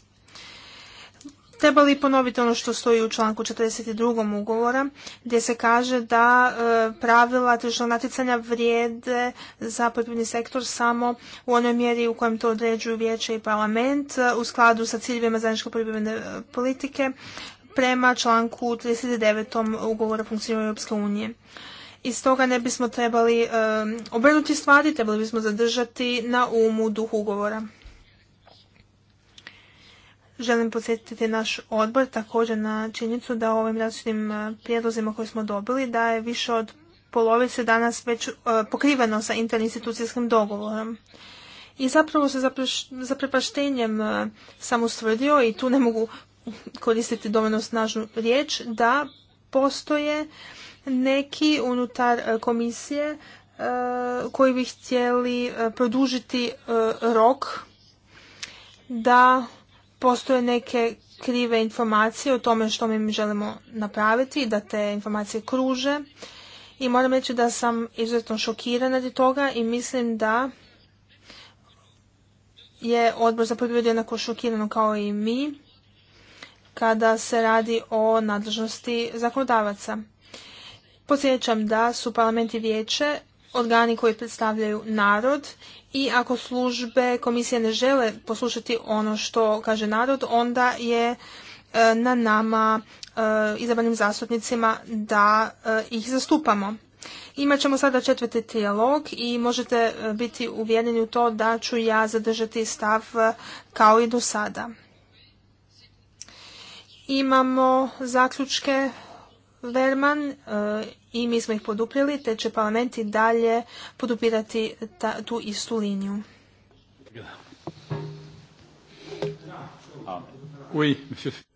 trebali ponoviti ono što stoji u članku 42. ugovora gdje se kaže da e, pravila tržišnog natjecanja vrijede za poljoprivredni sektor samo u onoj mjeri u kojem to određuju vijeće i parlament e, u skladu sa ciljevima zajedničke poljoprivredne e, politike prema članku 39. ugovora funkcioniranju Europske unije. I stoga ne bismo trebali obrnuti stvari, trebali bismo zadržati na umu duh ugovora. Želim podsjetiti naš odbor također na činjenicu da ovim različitim e, prijedlozima koje smo dobili da je više od polovice danas već e, pokriveno sa interinstitucijskim dogovorom. I zapravo se za prepaštenjem e, sam ustvrdio i tu ne mogu koristiti dovoljno snažnu riječ da postoje neki unutar komisije koji bi htjeli produžiti rok da postoje neke krive informacije o tome što mi želimo napraviti, da te informacije kruže i moram reći da sam izuzetno šokirana radi toga i mislim da je odbor za poljoprivredu jednako šokirano kao i mi kada se radi o nadležnosti zakonodavaca. Podsjećam da su parlament i vijeće organi koji predstavljaju narod i ako službe komisije ne žele poslušati ono što kaže narod, onda je e, na nama e, izabranim zastupnicima da e, ih zastupamo. Imaćemo sada četvrti dijalog i možete biti uvjereni u to da ću ja zadržati stav kao i do sada. Imamo zaključke Verman e, i mi smo ih poduprijeli, te će parlament i dalje podupirati tu istu liniju.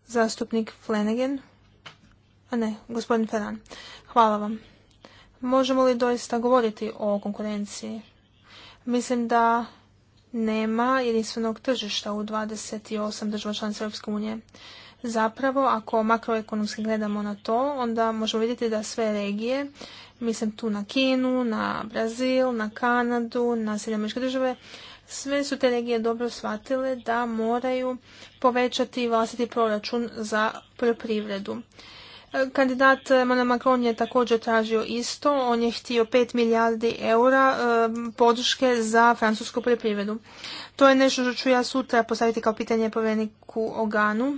Zastupnik Flanagan. A ne, gospodin Ferran. Hvala vam. Možemo li doista govoriti o konkurenciji? Mislim da nema jedinstvenog tržišta u 28 država članica Europske unije. Zapravo, ako makroekonomski gledamo na to, onda možemo vidjeti da sve regije, mislim tu na Kinu, na Brazil, na Kanadu, na Sjedinjene države, sve su te regije dobro shvatile da moraju povećati vlastiti proračun za poljoprivredu. E, kandidat mona Macron je također tražio isto. On je htio 5 milijardi eura e, podrške za francusku poljoprivredu. To je nešto što ću ja sutra postaviti kao pitanje povjereniku Oganu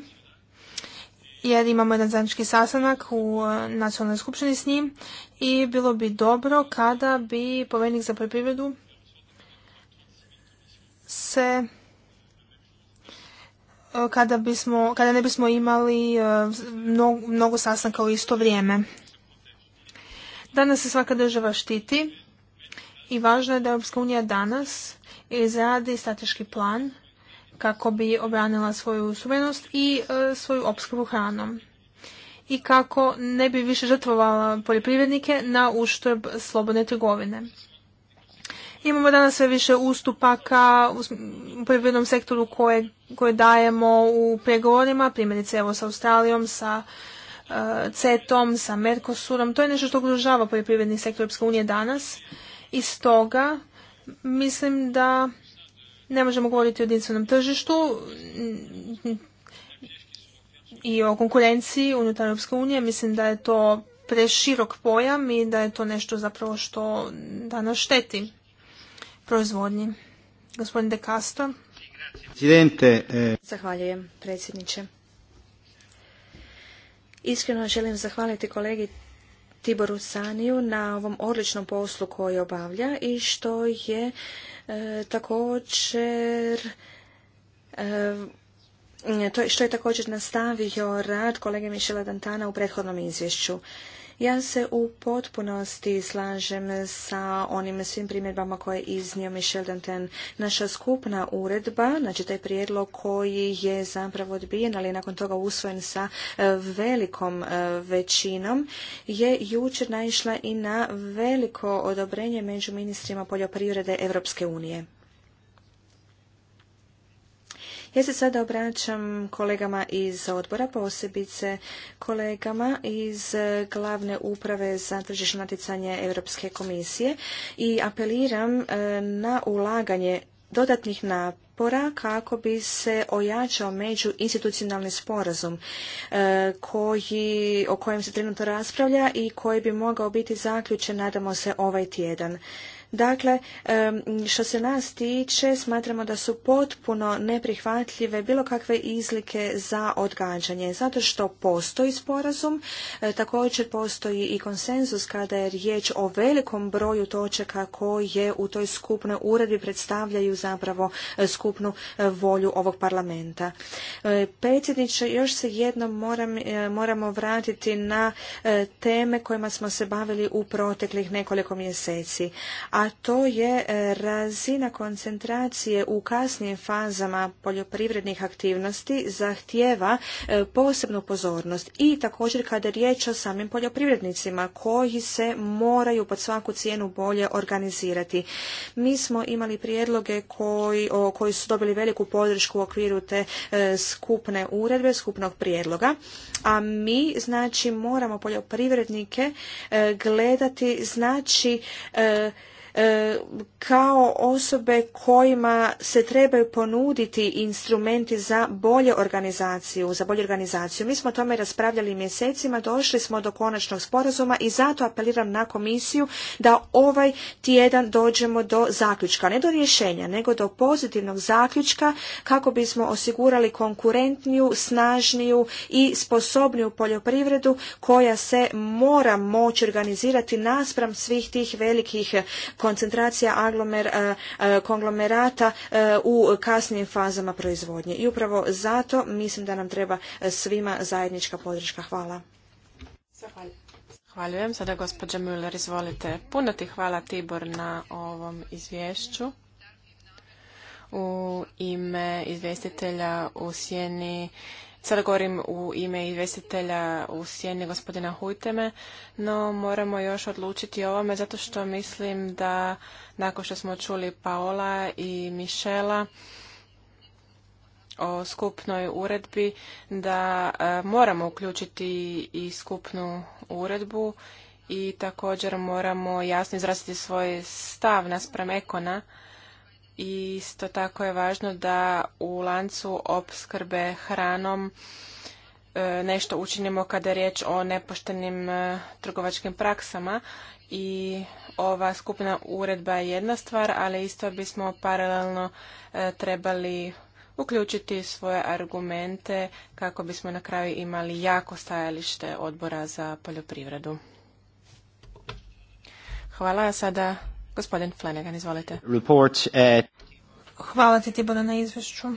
jer imamo jedan zajednički sastanak u e, nacionalnoj skupštini s njim i bilo bi dobro kada bi povednik za poljoprivredu se e, kada, bismo, kada ne bismo imali e, mnogo, mnogo sastanka u isto vrijeme. Danas se svaka država štiti i važno je da Europska unija danas izradi strateški plan kako bi obranila svoju suverenost i e, svoju opskrbu hranom i kako ne bi više žrtvovala poljoprivrednike na uštrb slobodne trgovine. Imamo danas sve više ustupaka u poljoprivrednom sektoru koje, dajemo u pregovorima, primjerice evo sa Australijom, sa cet CETom, sa Mercosurom. To je nešto što ugrožava poljoprivredni sektor Europske unije danas i stoga mislim da ne možemo govoriti o jedinstvenom tržištu mm, i o konkurenciji unutar Europske unije. Mislim da je to preširok pojam i da je to nešto zapravo što danas šteti proizvodnji. Gospodin De Castro. Eh. Zahvaljujem predsjedniče. Iskreno želim zahvaliti kolegi Tiboru Saniju na ovom odličnom poslu koji obavlja i što je e, također e, to, što je također nastavio rad kolege Mišela Dantana u prethodnom izvješću. Ja se u potpunosti slažem sa onim svim primjedbama koje je iznio Michel Danten. Naša skupna uredba, znači taj prijedlog koji je zapravo odbijen, ali je nakon toga usvojen sa e, velikom e, većinom, je jučer naišla i na veliko odobrenje među ministrima poljoprivrede Europske unije. Ja se sada obraćam kolegama iz odbora, posebice kolegama iz glavne uprave za tržišno natjecanje Europske komisije i apeliram e, na ulaganje dodatnih napora kako bi se ojačao međuinstitucionalni sporazum e, koji, o kojem se trenutno raspravlja i koji bi mogao biti zaključen, nadamo se, ovaj tjedan. Dakle, što se nas tiče, smatramo da su potpuno neprihvatljive bilo kakve izlike za odgađanje, zato što postoji sporazum, e, također postoji i konsenzus kada je riječ o velikom broju točaka koje u toj skupnoj uredbi predstavljaju zapravo e, skupnu e, volju ovog parlamenta. Predsjedniče, još se jednom moramo vratiti na teme kojima smo se bavili u proteklih nekoliko mjeseci a to je e, razina koncentracije u kasnijim fazama poljoprivrednih aktivnosti zahtjeva e, posebnu pozornost i također kada je riječ o samim poljoprivrednicima koji se moraju pod svaku cijenu bolje organizirati. Mi smo imali prijedloge koji, o, koji su dobili veliku podršku u okviru te e, skupne uredbe, skupnog prijedloga, a mi znači moramo poljoprivrednike gledati znači E, kao osobe kojima se trebaju ponuditi instrumenti za bolju organizaciju, za bolju organizaciju. Mi smo o tome raspravljali mjesecima, došli smo do konačnog sporazuma i zato apeliram na komisiju da ovaj tjedan dođemo do zaključka, ne do rješenja, nego do pozitivnog zaključka kako bismo osigurali konkurentniju, snažniju i sposobniju poljoprivredu koja se mora moći organizirati naspram svih tih velikih koncentracija aglomer, e, e, konglomerata e, u kasnijim fazama proizvodnje. I upravo zato mislim da nam treba svima zajednička podrška. Hvala. Zahvaljujem. Sada gospođa Müller, izvolite. Puno ti hvala Tibor na ovom izvješću. U ime izvjestitelja u Sjeni Sada govorim u ime izvjestitelja u sjeni gospodina Hujteme, no moramo još odlučiti o ovome zato što mislim da nakon što smo čuli Paola i Mišela o skupnoj uredbi, da e, moramo uključiti i skupnu uredbu i također moramo jasno izraziti svoj stav naspram ekona Isto tako je važno da u lancu opskrbe hranom e, nešto učinimo kada je riječ o nepoštenim e, trgovačkim praksama i ova skupna uredba je jedna stvar, ali isto bismo paralelno e, trebali uključiti svoje argumente kako bismo na kraju imali jako stajalište odbora za poljoprivredu. Hvala. Sada Gospodin Flanagan, izvolite. Eh, Hvala ti na izvješću.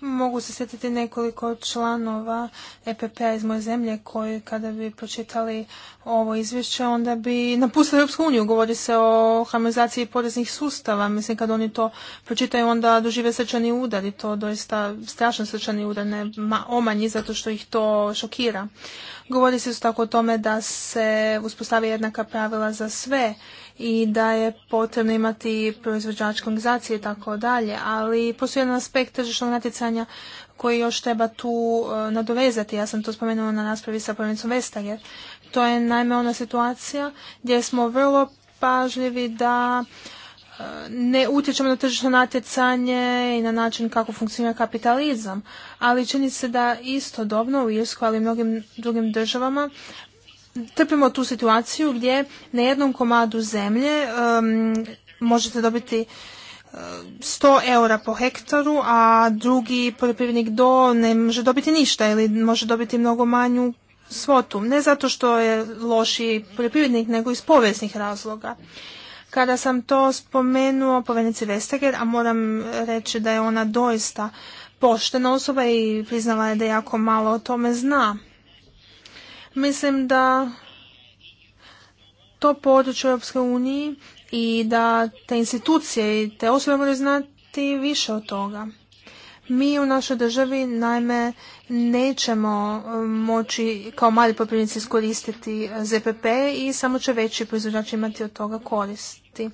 Mogu se sjetiti nekoliko članova EPP-a iz moje zemlje koji kada bi pročitali ovo izvješće onda bi napustili Europsku uniju. Govori se o harmonizaciji poreznih sustava. Mislim kad oni to pročitaju onda dožive srčani udar i to doista strašan srčani udar ne omanji zato što ih to šokira. Govori se tako o tome da se uspostavi jednaka pravila za sve i da je potrebno imati proizvođačke organizacije i tako dalje, ali postoji jedan aspekt tržišnog natjecanja koji još treba tu e, nadovezati. Ja sam to spomenula na raspravi sa promjenicom Vestager. To je naime ona situacija gdje smo vrlo pažljivi da ne utječemo na tržišno natjecanje i na način kako funkcionira kapitalizam, ali čini se da istodobno u Irskoj, ali i mnogim drugim državama, trpimo tu situaciju gdje na jednom komadu zemlje možete dobiti 100 eh, eura po hektaru, a drugi poljoprivrednik do ne može dobiti ništa ili može dobiti mnogo manju svotu. Ne zato što je loši poljoprivrednik, nego iz povijesnih razloga. Kada sam to spomenuo povenici Vestager, a moram reći da je ona doista poštena osoba i priznala je da jako malo o tome zna. Mislim da to područje Europske unije i da te institucije i te osobe moraju znati više od toga. Mi u našoj državi, naime, nećemo e, moći kao mali poprivnici iskoristiti e, ZPP i samo će veći proizvođač imati od toga koristi.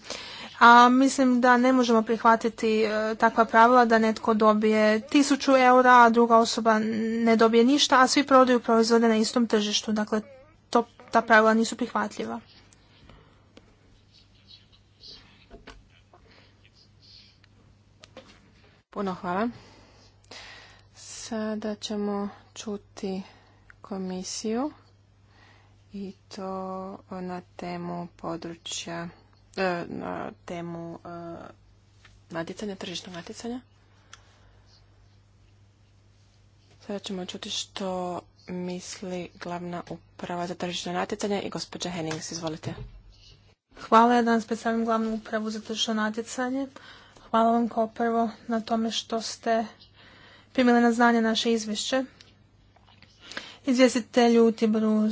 A mislim da ne možemo prihvatiti e, takva pravila da netko dobije 1000 eura, a druga osoba ne dobije ništa, a svi prodaju proizvode na istom tržištu. Dakle, to, ta pravila nisu prihvatljiva. Puno hvala. Sada ćemo čuti komisiju i to na temu područja, e, na temu e, natjecanja, tržišnog natjecanja. Sada ćemo čuti što misli glavna uprava za tržišno natjecanje i gospođa Hennings, izvolite. Hvala, ja danas predstavljam glavnu upravu za tržišno natjecanje. Hvala vam kao prvo na tome što ste primile na znanje naše izvješće. Izvjestitelju Tiboru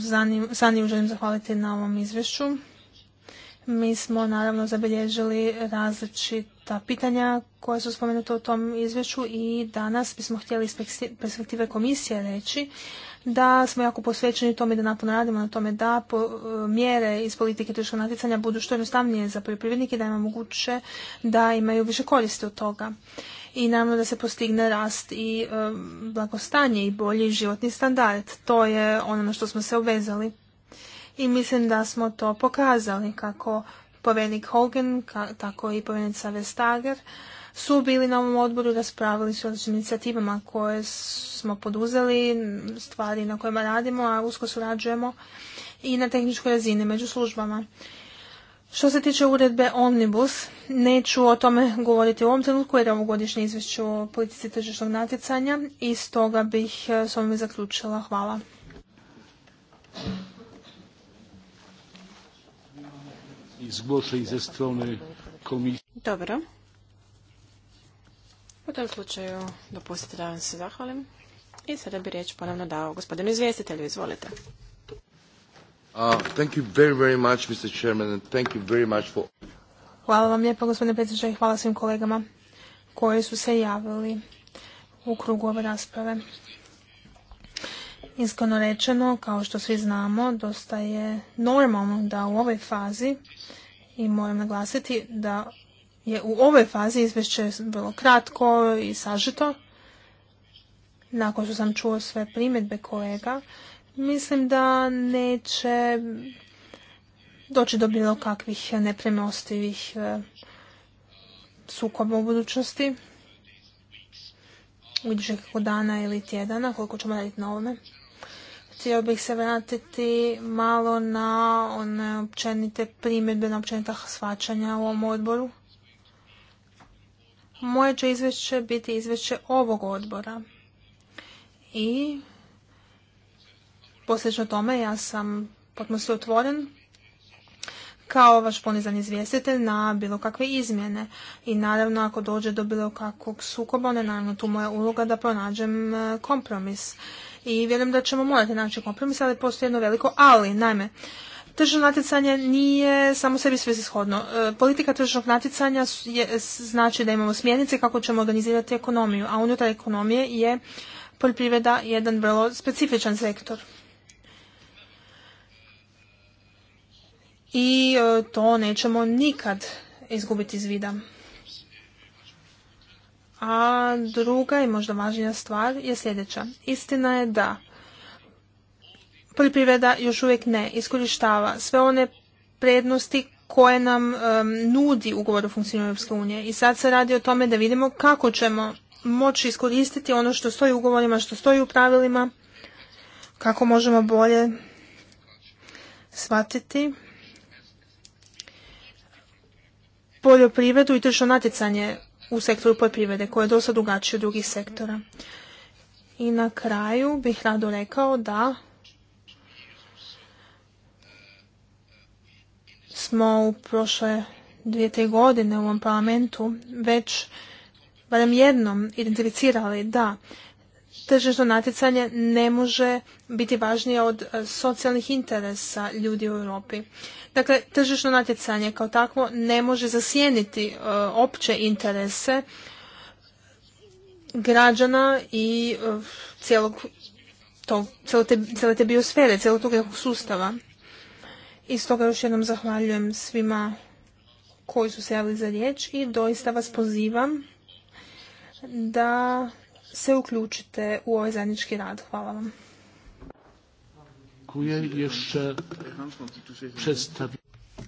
Saniju želim zahvaliti na ovom izvješću. Mi smo naravno zabilježili različita pitanja koja su spomenuta u tom izvješću i danas bismo htjeli iz perspektive komisije reći da smo jako posvećeni tome da napuno radimo na tome da mjere iz politike tržišnog natjecanja budu što jednostavnije za poljoprivrednike da im moguće da imaju više koristi od toga i naravno da se postigne rast i e, blagostanje i bolji životni standard. To je ono na što smo se obvezali. I mislim da smo to pokazali kako povenik Hogan, tako i povenica Vestager su bili na ovom odboru, raspravili su određenim inicijativama koje smo poduzeli, stvari na kojima radimo, a usko surađujemo i na tehničkoj razini među službama. Što se tiče uredbe Omnibus, neću o tome govoriti u ovom trenutku jer je godišnje izvješće o politici tržišnog natjecanja i stoga bih e, s ovim zaključila. Hvala. Dobro. U tom slučaju dopustite da vam se zahvalim. I sada bi riječ ponovno dao gospodinu izvjestitelju. Izvolite. Hvala vam lijepo gospodine predsjedniče i hvala svim kolegama koji su se javili u krugu ove rasprave. Iskreno rečeno, kao što svi znamo, dosta je normalno da u ovoj fazi, i moram naglasiti da je u ovoj fazi izvješće bilo kratko i sažito, nakon što sam čuo sve primjedbe kolega mislim da neće doći do bilo kakvih nepremostivih e, sukoba u budućnosti u kako dana ili tjedana, koliko ćemo raditi na ovome. Htio bih se vratiti malo na one općenite primjedbe, na općenita shvaćanja u ovom odboru. Moje će izvješće biti izvješće ovog odbora. I Posljedno tome ja sam potpuno se otvoren kao vaš ponizan izvjestitelj na bilo kakve izmjene. I naravno ako dođe do bilo kakvog sukoba, onda je naravno tu moja uloga da pronađem e, kompromis. I vjerujem da ćemo morati naći kompromis, ali postoji jedno veliko ali. Naime, tržno natjecanje nije samo sebi svesishodno. E, politika tržnog natjecanja znači da imamo smjernice kako ćemo organizirati ekonomiju, a unutar ekonomije je poljoprivreda jedan vrlo specifičan sektor. i e, to nećemo nikad izgubiti iz vida. A druga i možda važnija stvar je sljedeća. Istina je da poljoprivreda još uvijek ne iskorištava sve one prednosti koje nam e, nudi ugovor o funkcioniranju Europske unije. I sad se radi o tome da vidimo kako ćemo moći iskoristiti ono što stoji u ugovorima, što stoji u pravilima, kako možemo bolje shvatiti poljoprivredu i tržno natjecanje u sektoru poljoprivrede koje je dosta drugačije od drugih sektora. I na kraju bih rado rekao da smo u prošle dvije, tri godine u ovom parlamentu već barem jednom identificirali da tržišno natjecanje ne može biti važnije od e, socijalnih interesa ljudi u Europi. Dakle, tržišno natjecanje kao takvo ne može zasjeniti e, opće interese građana i e, cijelog to, cijele, te, te biosfere, cijelog tog sustava. I stoga još jednom zahvaljujem svima koji su se javili za riječ i doista vas pozivam da se uključite u ovaj zajednički rad. Hvala vam.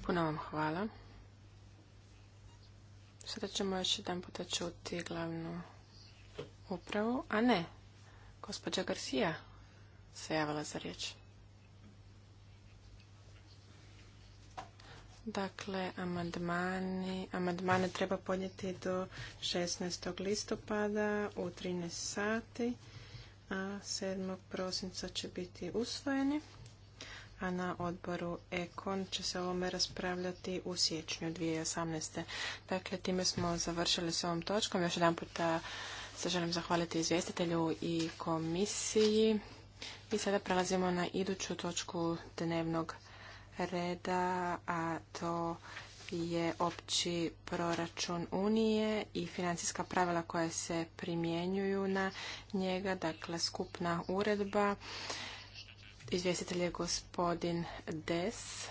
Puno vam hvala. Sada ćemo još jedan puta čuti glavnu upravu. A ne, gospođa Garcia se javila za riječ. Dakle, amandmani, amandmane treba podnijeti do 16. listopada u 13 sati, a 7. prosinca će biti usvojeni, a na odboru Ekon će se ovome raspravljati u siječnju 2018. Dakle, time smo završili s ovom točkom. Još jedan puta se želim zahvaliti izvjestitelju i komisiji. I sada prelazimo na iduću točku dnevnog reda, a to je opći proračun Unije i financijska pravila koja se primjenjuju na njega, dakle skupna uredba. Izvjestitelj je gospodin Des.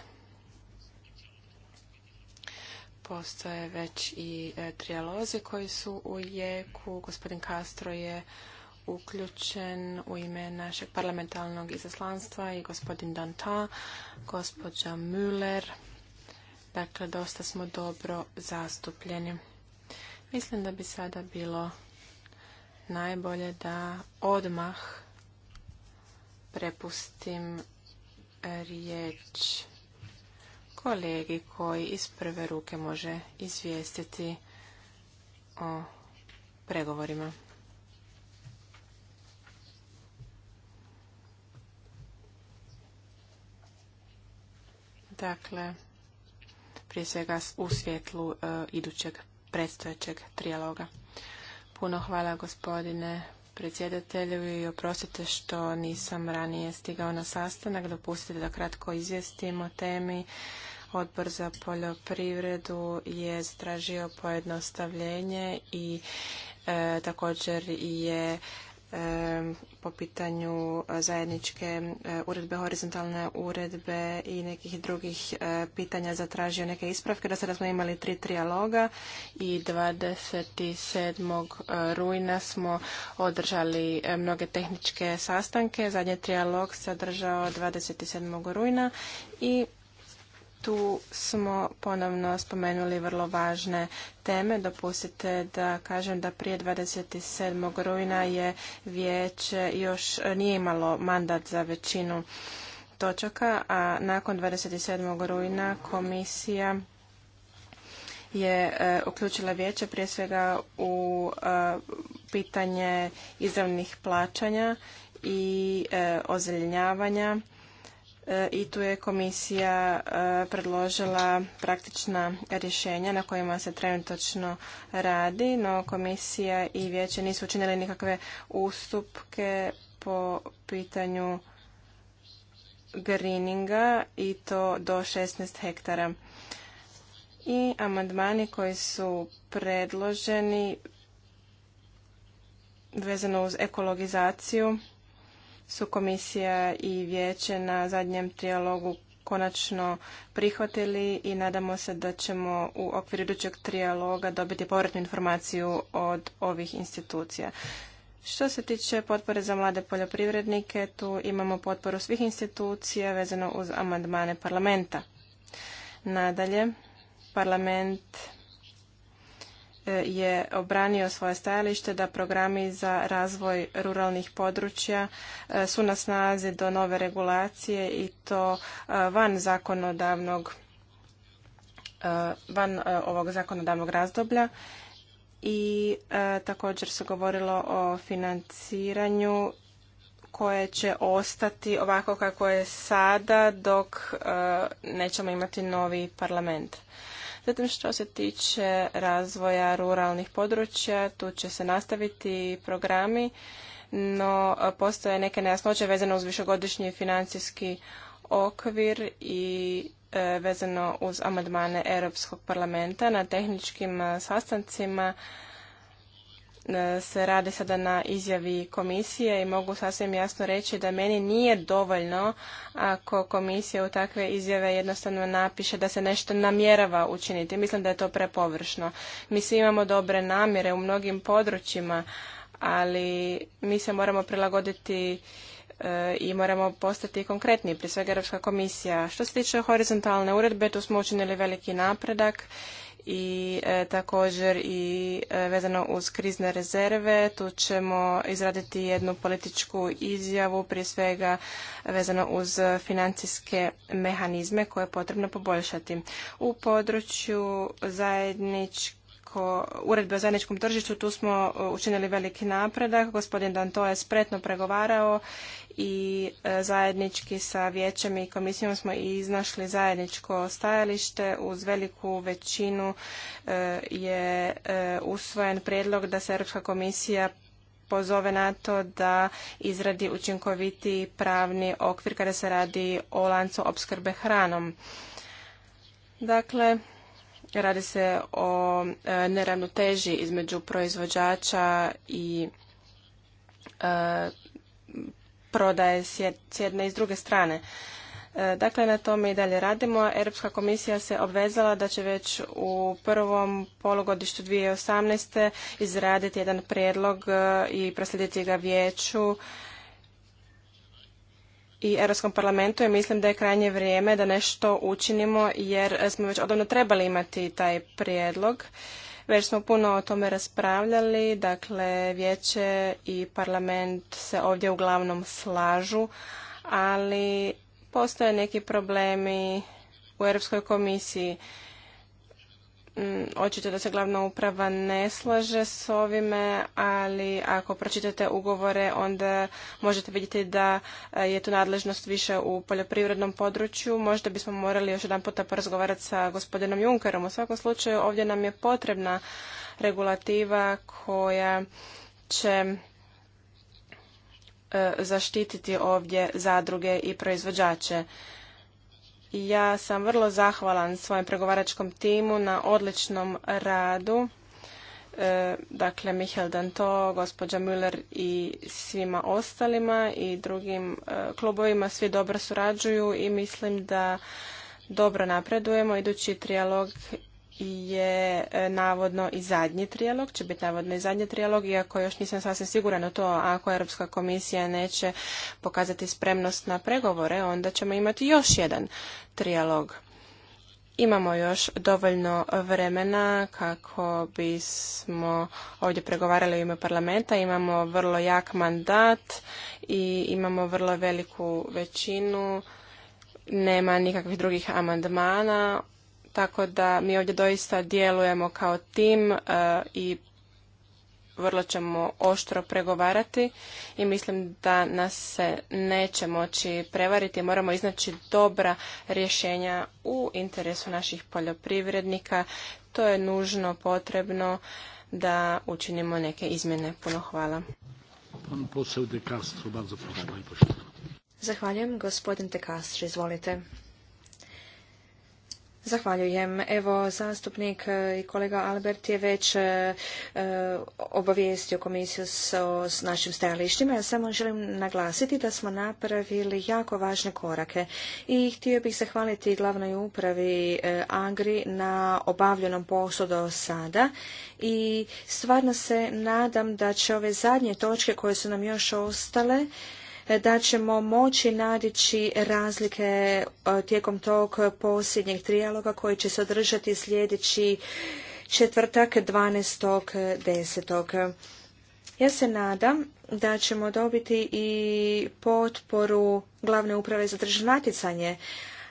Postoje već i e, trijalozi koji su u jeku. Gospodin Castro je uključen u ime našeg parlamentarnog izaslanstva i gospodin Danta, gospođa Müller. Dakle, dosta smo dobro zastupljeni. Mislim da bi sada bilo najbolje da odmah prepustim riječ kolegi koji iz prve ruke može izvijestiti o pregovorima. Dakle, prije svega u svjetlu e, idućeg predstojećeg trijaloga. Puno hvala gospodine predsjedatelju i oprostite što nisam ranije stigao na sastanak. Dopustite da kratko izvijestim o temi. Odbor za poljoprivredu je stražio pojednostavljenje i e, također je po pitanju e, zajedničke e, uredbe, horizontalne uredbe i nekih drugih e, pitanja zatražio neke ispravke. da sada smo imali tri trijaloga i 27. rujna smo održali mnoge tehničke sastanke. Zadnji trijalog se održao 27. rujna i tu smo ponovno spomenuli vrlo važne teme. Dopustite da kažem da prije 27. rujna je vijeće još nije imalo mandat za većinu točaka, a nakon 27. rujna komisija je e, uključila vijeće prije svega u e, pitanje izravnih plaćanja i e, E, i tu je komisija e, predložila praktična rješenja na kojima se trenutačno radi, no komisija i vijeće nisu učinili nikakve ustupke po pitanju greeninga i to do 16 hektara. I amandmani koji su predloženi vezano uz ekologizaciju su komisija i vijeće na zadnjem trijalogu konačno prihvatili i nadamo se da ćemo u okviru idućeg trijaloga dobiti povratnu informaciju od ovih institucija. Što se tiče potpore za mlade poljoprivrednike, tu imamo potporu svih institucija vezano uz amandmane parlamenta. Nadalje, parlament E, je obranio svoje stajalište da programi za razvoj ruralnih područja e, su na snazi do nove regulacije i to e, van zakonodavnog van ovog zakonodavnog razdoblja i također se govorilo o financiranju koje će ostati ovako kako je sada dok nećemo imati novi parlament. Zatim što se tiče razvoja ruralnih područja, tu će se nastaviti programi, no postoje neke nejasnoće vezano uz višegodišnji financijski okvir i e, vezano uz amandmane Europskog parlamenta na tehničkim sastancima E, se radi sada na izjavi komisije i mogu sasvim jasno reći da meni nije dovoljno ako komisija u takve izjave jednostavno napiše da se nešto namjerava učiniti. Mislim da je to prepovršno. Mi svi imamo dobre namjere u mnogim područjima, ali mi se moramo prilagoditi e, i moramo postati konkretni, prije svega Europska komisija. Što se tiče horizontalne uredbe, tu smo učinili veliki napredak i e, također i e, vezano uz krizne rezerve. Tu ćemo izraditi jednu političku izjavu, prije svega vezano uz financijske mehanizme koje je potrebno poboljšati. U području zajedničke oko uredbe o zajedničkom tržištu, tu smo e, učinili veliki napredak. Gospodin Danto je spretno pregovarao i e, zajednički sa vijećem i komisijom smo iznašli zajedničko stajalište. Uz veliku većinu e, je usvojen prijedlog da se Europska komisija pozove na to da izradi učinkoviti pravni okvir kada se radi o lancu opskrbe hranom. Dakle, Radi se o e, neravnoteži između proizvođača i e, prodaje s jedne i s druge strane. E, dakle, na tome i dalje radimo. Europska komisija se obvezala da će već u prvom polugodištu 2018. izraditi jedan prijedlog i proslijediti ga vijeću i Europskom parlamentu i mislim da je krajnje vrijeme da nešto učinimo jer smo već odavno trebali imati taj prijedlog. Već smo puno o tome raspravljali, dakle vijeće i parlament se ovdje uglavnom slažu, ali postoje neki problemi u Europskoj komisiji. Mm, očito da se glavna uprava ne slaže s ovime, ali ako pročitate ugovore onda možete vidjeti da e, je tu nadležnost više u poljoprivrednom području. Možda bismo morali još jedan puta porazgovarati sa gospodinom Junkerom. U svakom slučaju ovdje nam je potrebna regulativa koja će e, zaštititi ovdje zadruge i proizvođače. Ja sam vrlo zahvalan svojem pregovaračkom timu na odličnom radu. E, dakle, Mihael Danto, gospođa Müller i svima ostalima i drugim e, klubovima svi dobro surađuju i mislim da dobro napredujemo. Idući trijalog je e, navodno i zadnji trijalog, će biti navodno i zadnji trijalog, iako još nisam sasvim siguran o to, ako Europska komisija neće pokazati spremnost na pregovore, onda ćemo imati još jedan trijalog. Imamo još dovoljno vremena kako bismo ovdje pregovarali u ime parlamenta. Imamo vrlo jak mandat i imamo vrlo veliku većinu. Nema nikakvih drugih amandmana tako da mi ovdje doista djelujemo kao tim e, i vrlo ćemo oštro pregovarati i mislim da nas se neće moći prevariti. Moramo iznaći dobra rješenja u interesu naših poljoprivrednika. To je nužno potrebno da učinimo neke izmjene. Puno hvala. Zahvaljujem. Gospodin Tekastr, izvolite. Zahvaljujem. Evo, zastupnik e, i kolega Albert je već e, e, obavijestio komisiju s, našim stajalištima. Ja samo želim naglasiti da smo napravili jako važne korake i htio bih zahvaliti glavnoj upravi Angri Agri na obavljenom poslu do sada i stvarno se nadam da će ove zadnje točke koje su nam još ostale E, da ćemo moći nadići razlike e, tijekom tog posljednjeg trijaloga koji će se održati sljedeći četvrtak 12.10. Ja se nadam da ćemo dobiti i potporu glavne uprave za državno natjecanje,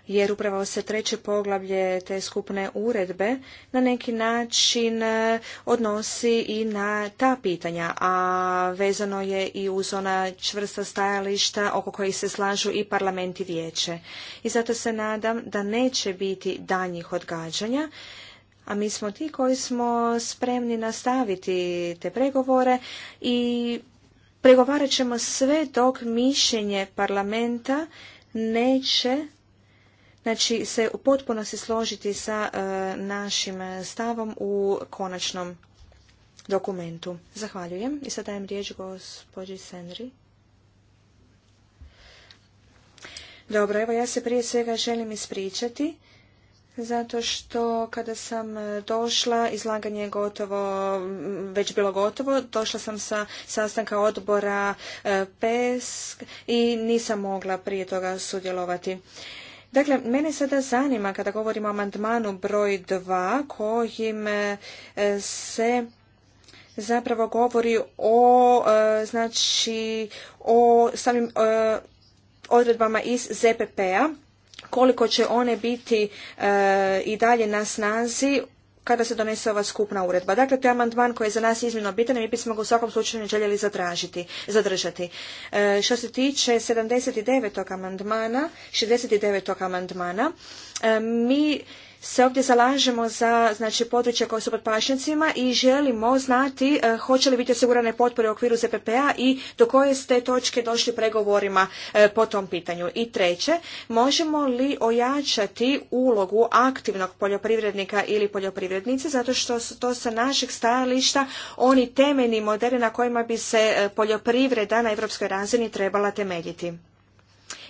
jer upravo se treće poglavlje te skupne uredbe na neki način e, odnosi i na ta pitanja, a vezano je i uz ona čvrsta stajališta oko kojih se slažu i parlament i vijeće. I zato se nadam da neće biti danjih odgađanja, a mi smo ti koji smo spremni nastaviti te pregovore i pregovarat ćemo sve dok mišljenje parlamenta neće znači se u potpunosti složiti sa e, našim stavom u konačnom dokumentu. Zahvaljujem i sad dajem riječ gospođi Senri. Dobro, evo ja se prije svega želim ispričati zato što kada sam došla, izlaganje je gotovo, već bilo gotovo, došla sam sa sastanka odbora e, PESK i nisam mogla prije toga sudjelovati. Dakle, mene sada zanima kada govorimo o amandmanu broj 2 kojim e, se zapravo govori o e, znači o samim e, odredbama iz ZPP-a koliko će one biti i dalje na snazi kada se donese ova skupna uredba. Dakle, to je amandman koji je za nas izmjeno bitan i mi bismo ga u svakom slučaju ne željeli zadržati. E, što se tiče 79. amandmana, 69. amandmana, e, mi se ovdje zalažemo za znači, područja koja su pod pašnjacima i želimo znati eh, hoće li biti osigurane potpore u okviru ZPPA i do koje ste točke došli pregovorima eh, po tom pitanju. I treće, možemo li ojačati ulogu aktivnog poljoprivrednika ili poljoprivrednice zato što su to sa našeg stajališta oni temeljni modeli na kojima bi se eh, poljoprivreda na europskoj razini trebala temeljiti.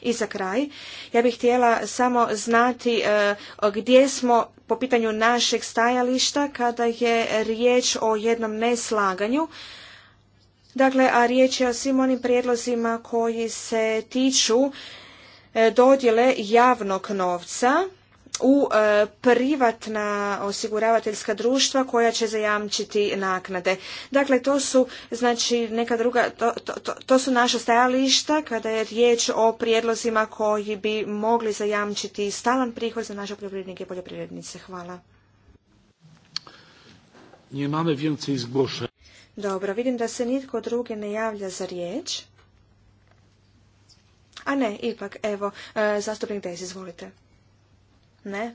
I za kraj, ja bih htjela samo znati e, gdje smo po pitanju našeg stajališta kada je riječ o jednom neslaganju. Dakle, a riječ je o svim onim prijedlozima koji se tiču e, dodjele javnog novca u e, privatna osiguravateljska društva koja će zajamčiti naknade. Dakle, to su znači neka druga, to, to, to su naša stajališta kada je riječ o prijedlozima koji bi mogli zajamčiti stalan prihod za naše poljoprivrednike i poljoprivrednice. Hvala. Dobro, vidim da se nitko drugi ne javlja za riječ. A ne, ipak, evo, e, zastupnik Dez, izvolite. Ne?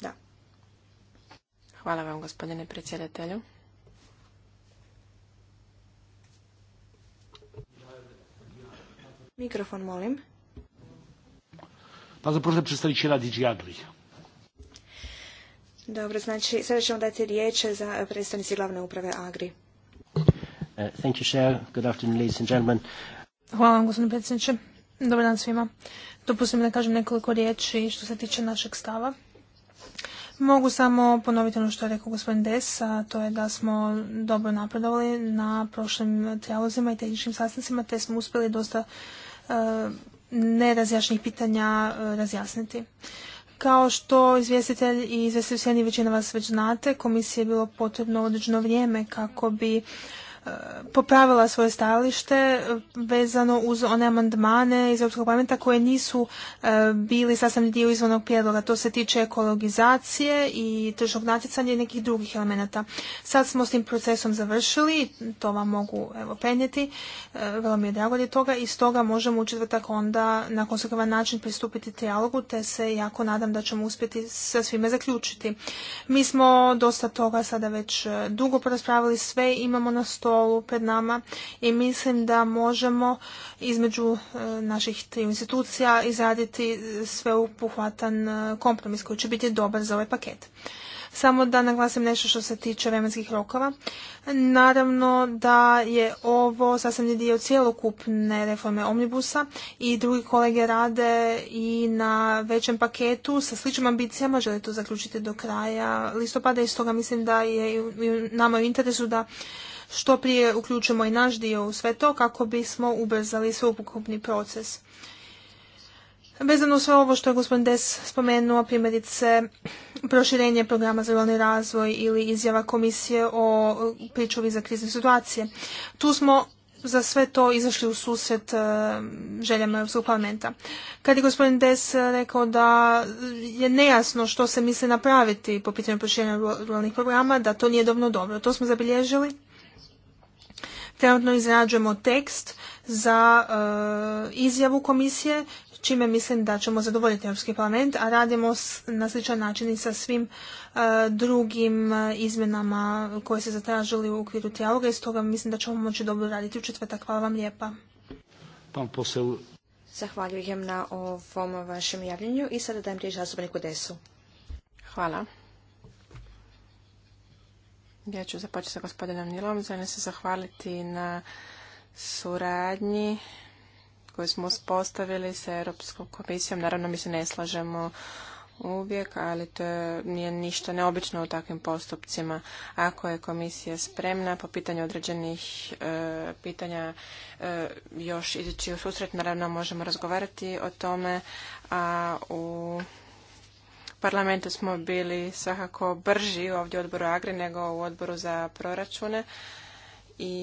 Da. Hvala vam, gospodine predsjedatelju. Mikrofon, molim. Bardzo proszę przedstawiciela DG Agri. Dobro, znači sada ćemo dati riječ za predstavnici glavne uprave Agri. Uh, thank you, Good afternoon, ladies and gentlemen. Hvala vam, gospodine predsjedniče. Dobar dan svima. Dopustim da kažem nekoliko riječi što se tiče našeg stava. Mogu samo ponoviti ono što je rekao gospodin Des, a to je da smo dobro napredovali na prošlim trijalozima i tehničkim sastancima, te smo uspjeli dosta e, nerazjašnjih pitanja e, razjasniti. Kao što izvjestitelj i izvjestitelj većina vas već znate, komisiji je bilo potrebno određeno vrijeme kako bi popravila svoje stajalište vezano uz one amandmane iz Europskog parlamenta koje nisu e, bili sastavni dio izvornog prijedloga. To se tiče ekologizacije i tržnog natjecanja i nekih drugih elemenata. Sad smo s tim procesom završili, to vam mogu evo, penjeti, e, vrlo mi je drago je toga i stoga možemo u četvrtak onda na konstruktivan način pristupiti trialogu te se jako nadam da ćemo uspjeti sa svime zaključiti. Mi smo dosta toga sada već e, dugo poraspravili, sve imamo na sto stolu pred nama i mislim da možemo između e, naših tri institucija izraditi sveupuhvatan e, kompromis koji će biti dobar za ovaj paket. Samo da naglasim nešto što se tiče vremenskih rokova. Naravno da je ovo sasvim dio cijelokupne reforme omnibusa i drugi kolege rade i na većem paketu sa sličnim ambicijama, žele to zaključiti do kraja listopada i stoga mislim da je nama u interesu da što prije uključimo i naš dio u sve to kako bismo ubrzali sveukupni proces. Vezano sve ovo što je gospodin Des spomenuo, primjerice proširenje programa za ruralni razvoj ili izjava komisije o pričuvi za krizne situacije. Tu smo za sve to izašli u susret e, željama Europskog parlamenta. Kad je gospodin Des rekao da je nejasno što se misli napraviti po pitanju proširenja ruralnih programa, da to nije dovoljno dobro. To smo zabilježili Trenutno izrađujemo tekst za e, izjavu komisije, čime mislim da ćemo zadovoljiti Europski parlament, a radimo na sličan način i sa svim e, drugim e, izmjenama koje se zatražili u okviru trijaloga i stoga mislim da ćemo moći dobro raditi u četvrtak. Hvala vam lijepa. Zahvaljujem na ovom vašem javljenju i sada dajem riječ zastupniku Desu. Hvala. Ja ću započeti sa gospodinom Nilom. Želim se zahvaliti na suradnji koju smo uspostavili sa Europskom komisijom. Naravno, mi se ne slažemo uvijek, ali to nije ništa neobično u takvim postupcima. Ako je komisija spremna po pitanju određenih e, pitanja e, još izići u susret, naravno možemo razgovarati o tome, a u parlamentu smo bili svakako brži ovdje u odboru Agri nego u odboru za proračune i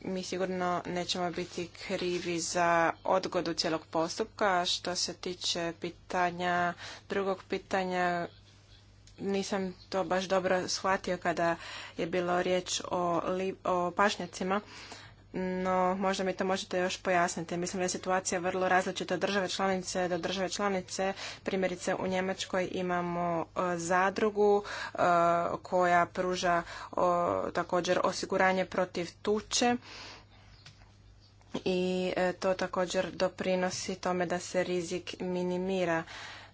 mi sigurno nećemo biti krivi za odgodu cijelog postupka. Što se tiče pitanja, drugog pitanja, nisam to baš dobro shvatio kada je bilo riječ o, o pašnjacima no možda mi to možete još pojasniti. Mislim da je situacija vrlo različita od države članice do države članice. Primjerice u Njemačkoj imamo e, zadrugu e, koja pruža također osiguranje protiv tuče i e, to također doprinosi tome da se rizik minimira.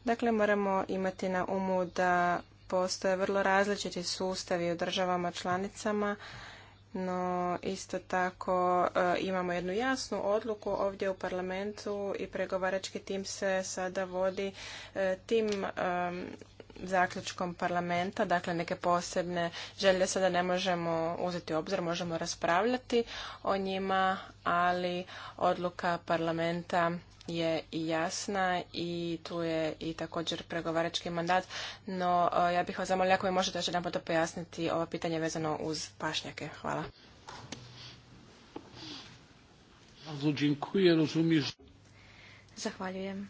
Dakle, moramo imati na umu da postoje vrlo različiti sustavi u državama članicama no isto tako e, imamo jednu jasnu odluku ovdje u parlamentu i pregovarački tim se sada vodi e, tim zaključkom parlamenta, dakle neke posebne želje sada ne možemo uzeti u obzir, možemo raspravljati o njima, ali odluka parlamenta je i jasna i tu je i također pregovarački mandat, no e, ja bih vas zamolila ako mi možete još jedan to pojasniti ovo pitanje vezano uz pašnjake. Hvala. Zahvaljujem.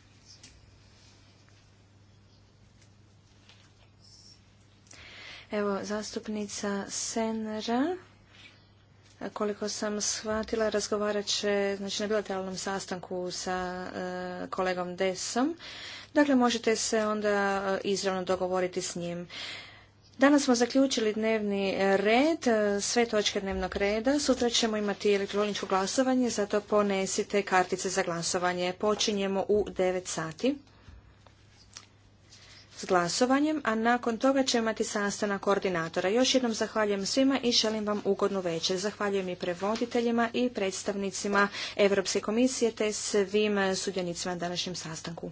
Evo, zastupnica Senra koliko sam shvatila, razgovarat će znači, na bilateralnom sastanku sa e, kolegom Desom. Dakle, možete se onda e, izravno dogovoriti s njim. Danas smo zaključili dnevni red, e, sve točke dnevnog reda. Sutra ćemo imati elektroničko glasovanje, zato ponesite kartice za glasovanje. Počinjemo u 9 sati s glasovanjem, a nakon toga ćemo imati sastanak koordinatora. Još jednom zahvaljujem svima i želim vam ugodnu večer. Zahvaljujem i prevoditeljima i predstavnicima Europske komisije te svim sudionicima na današnjem sastanku.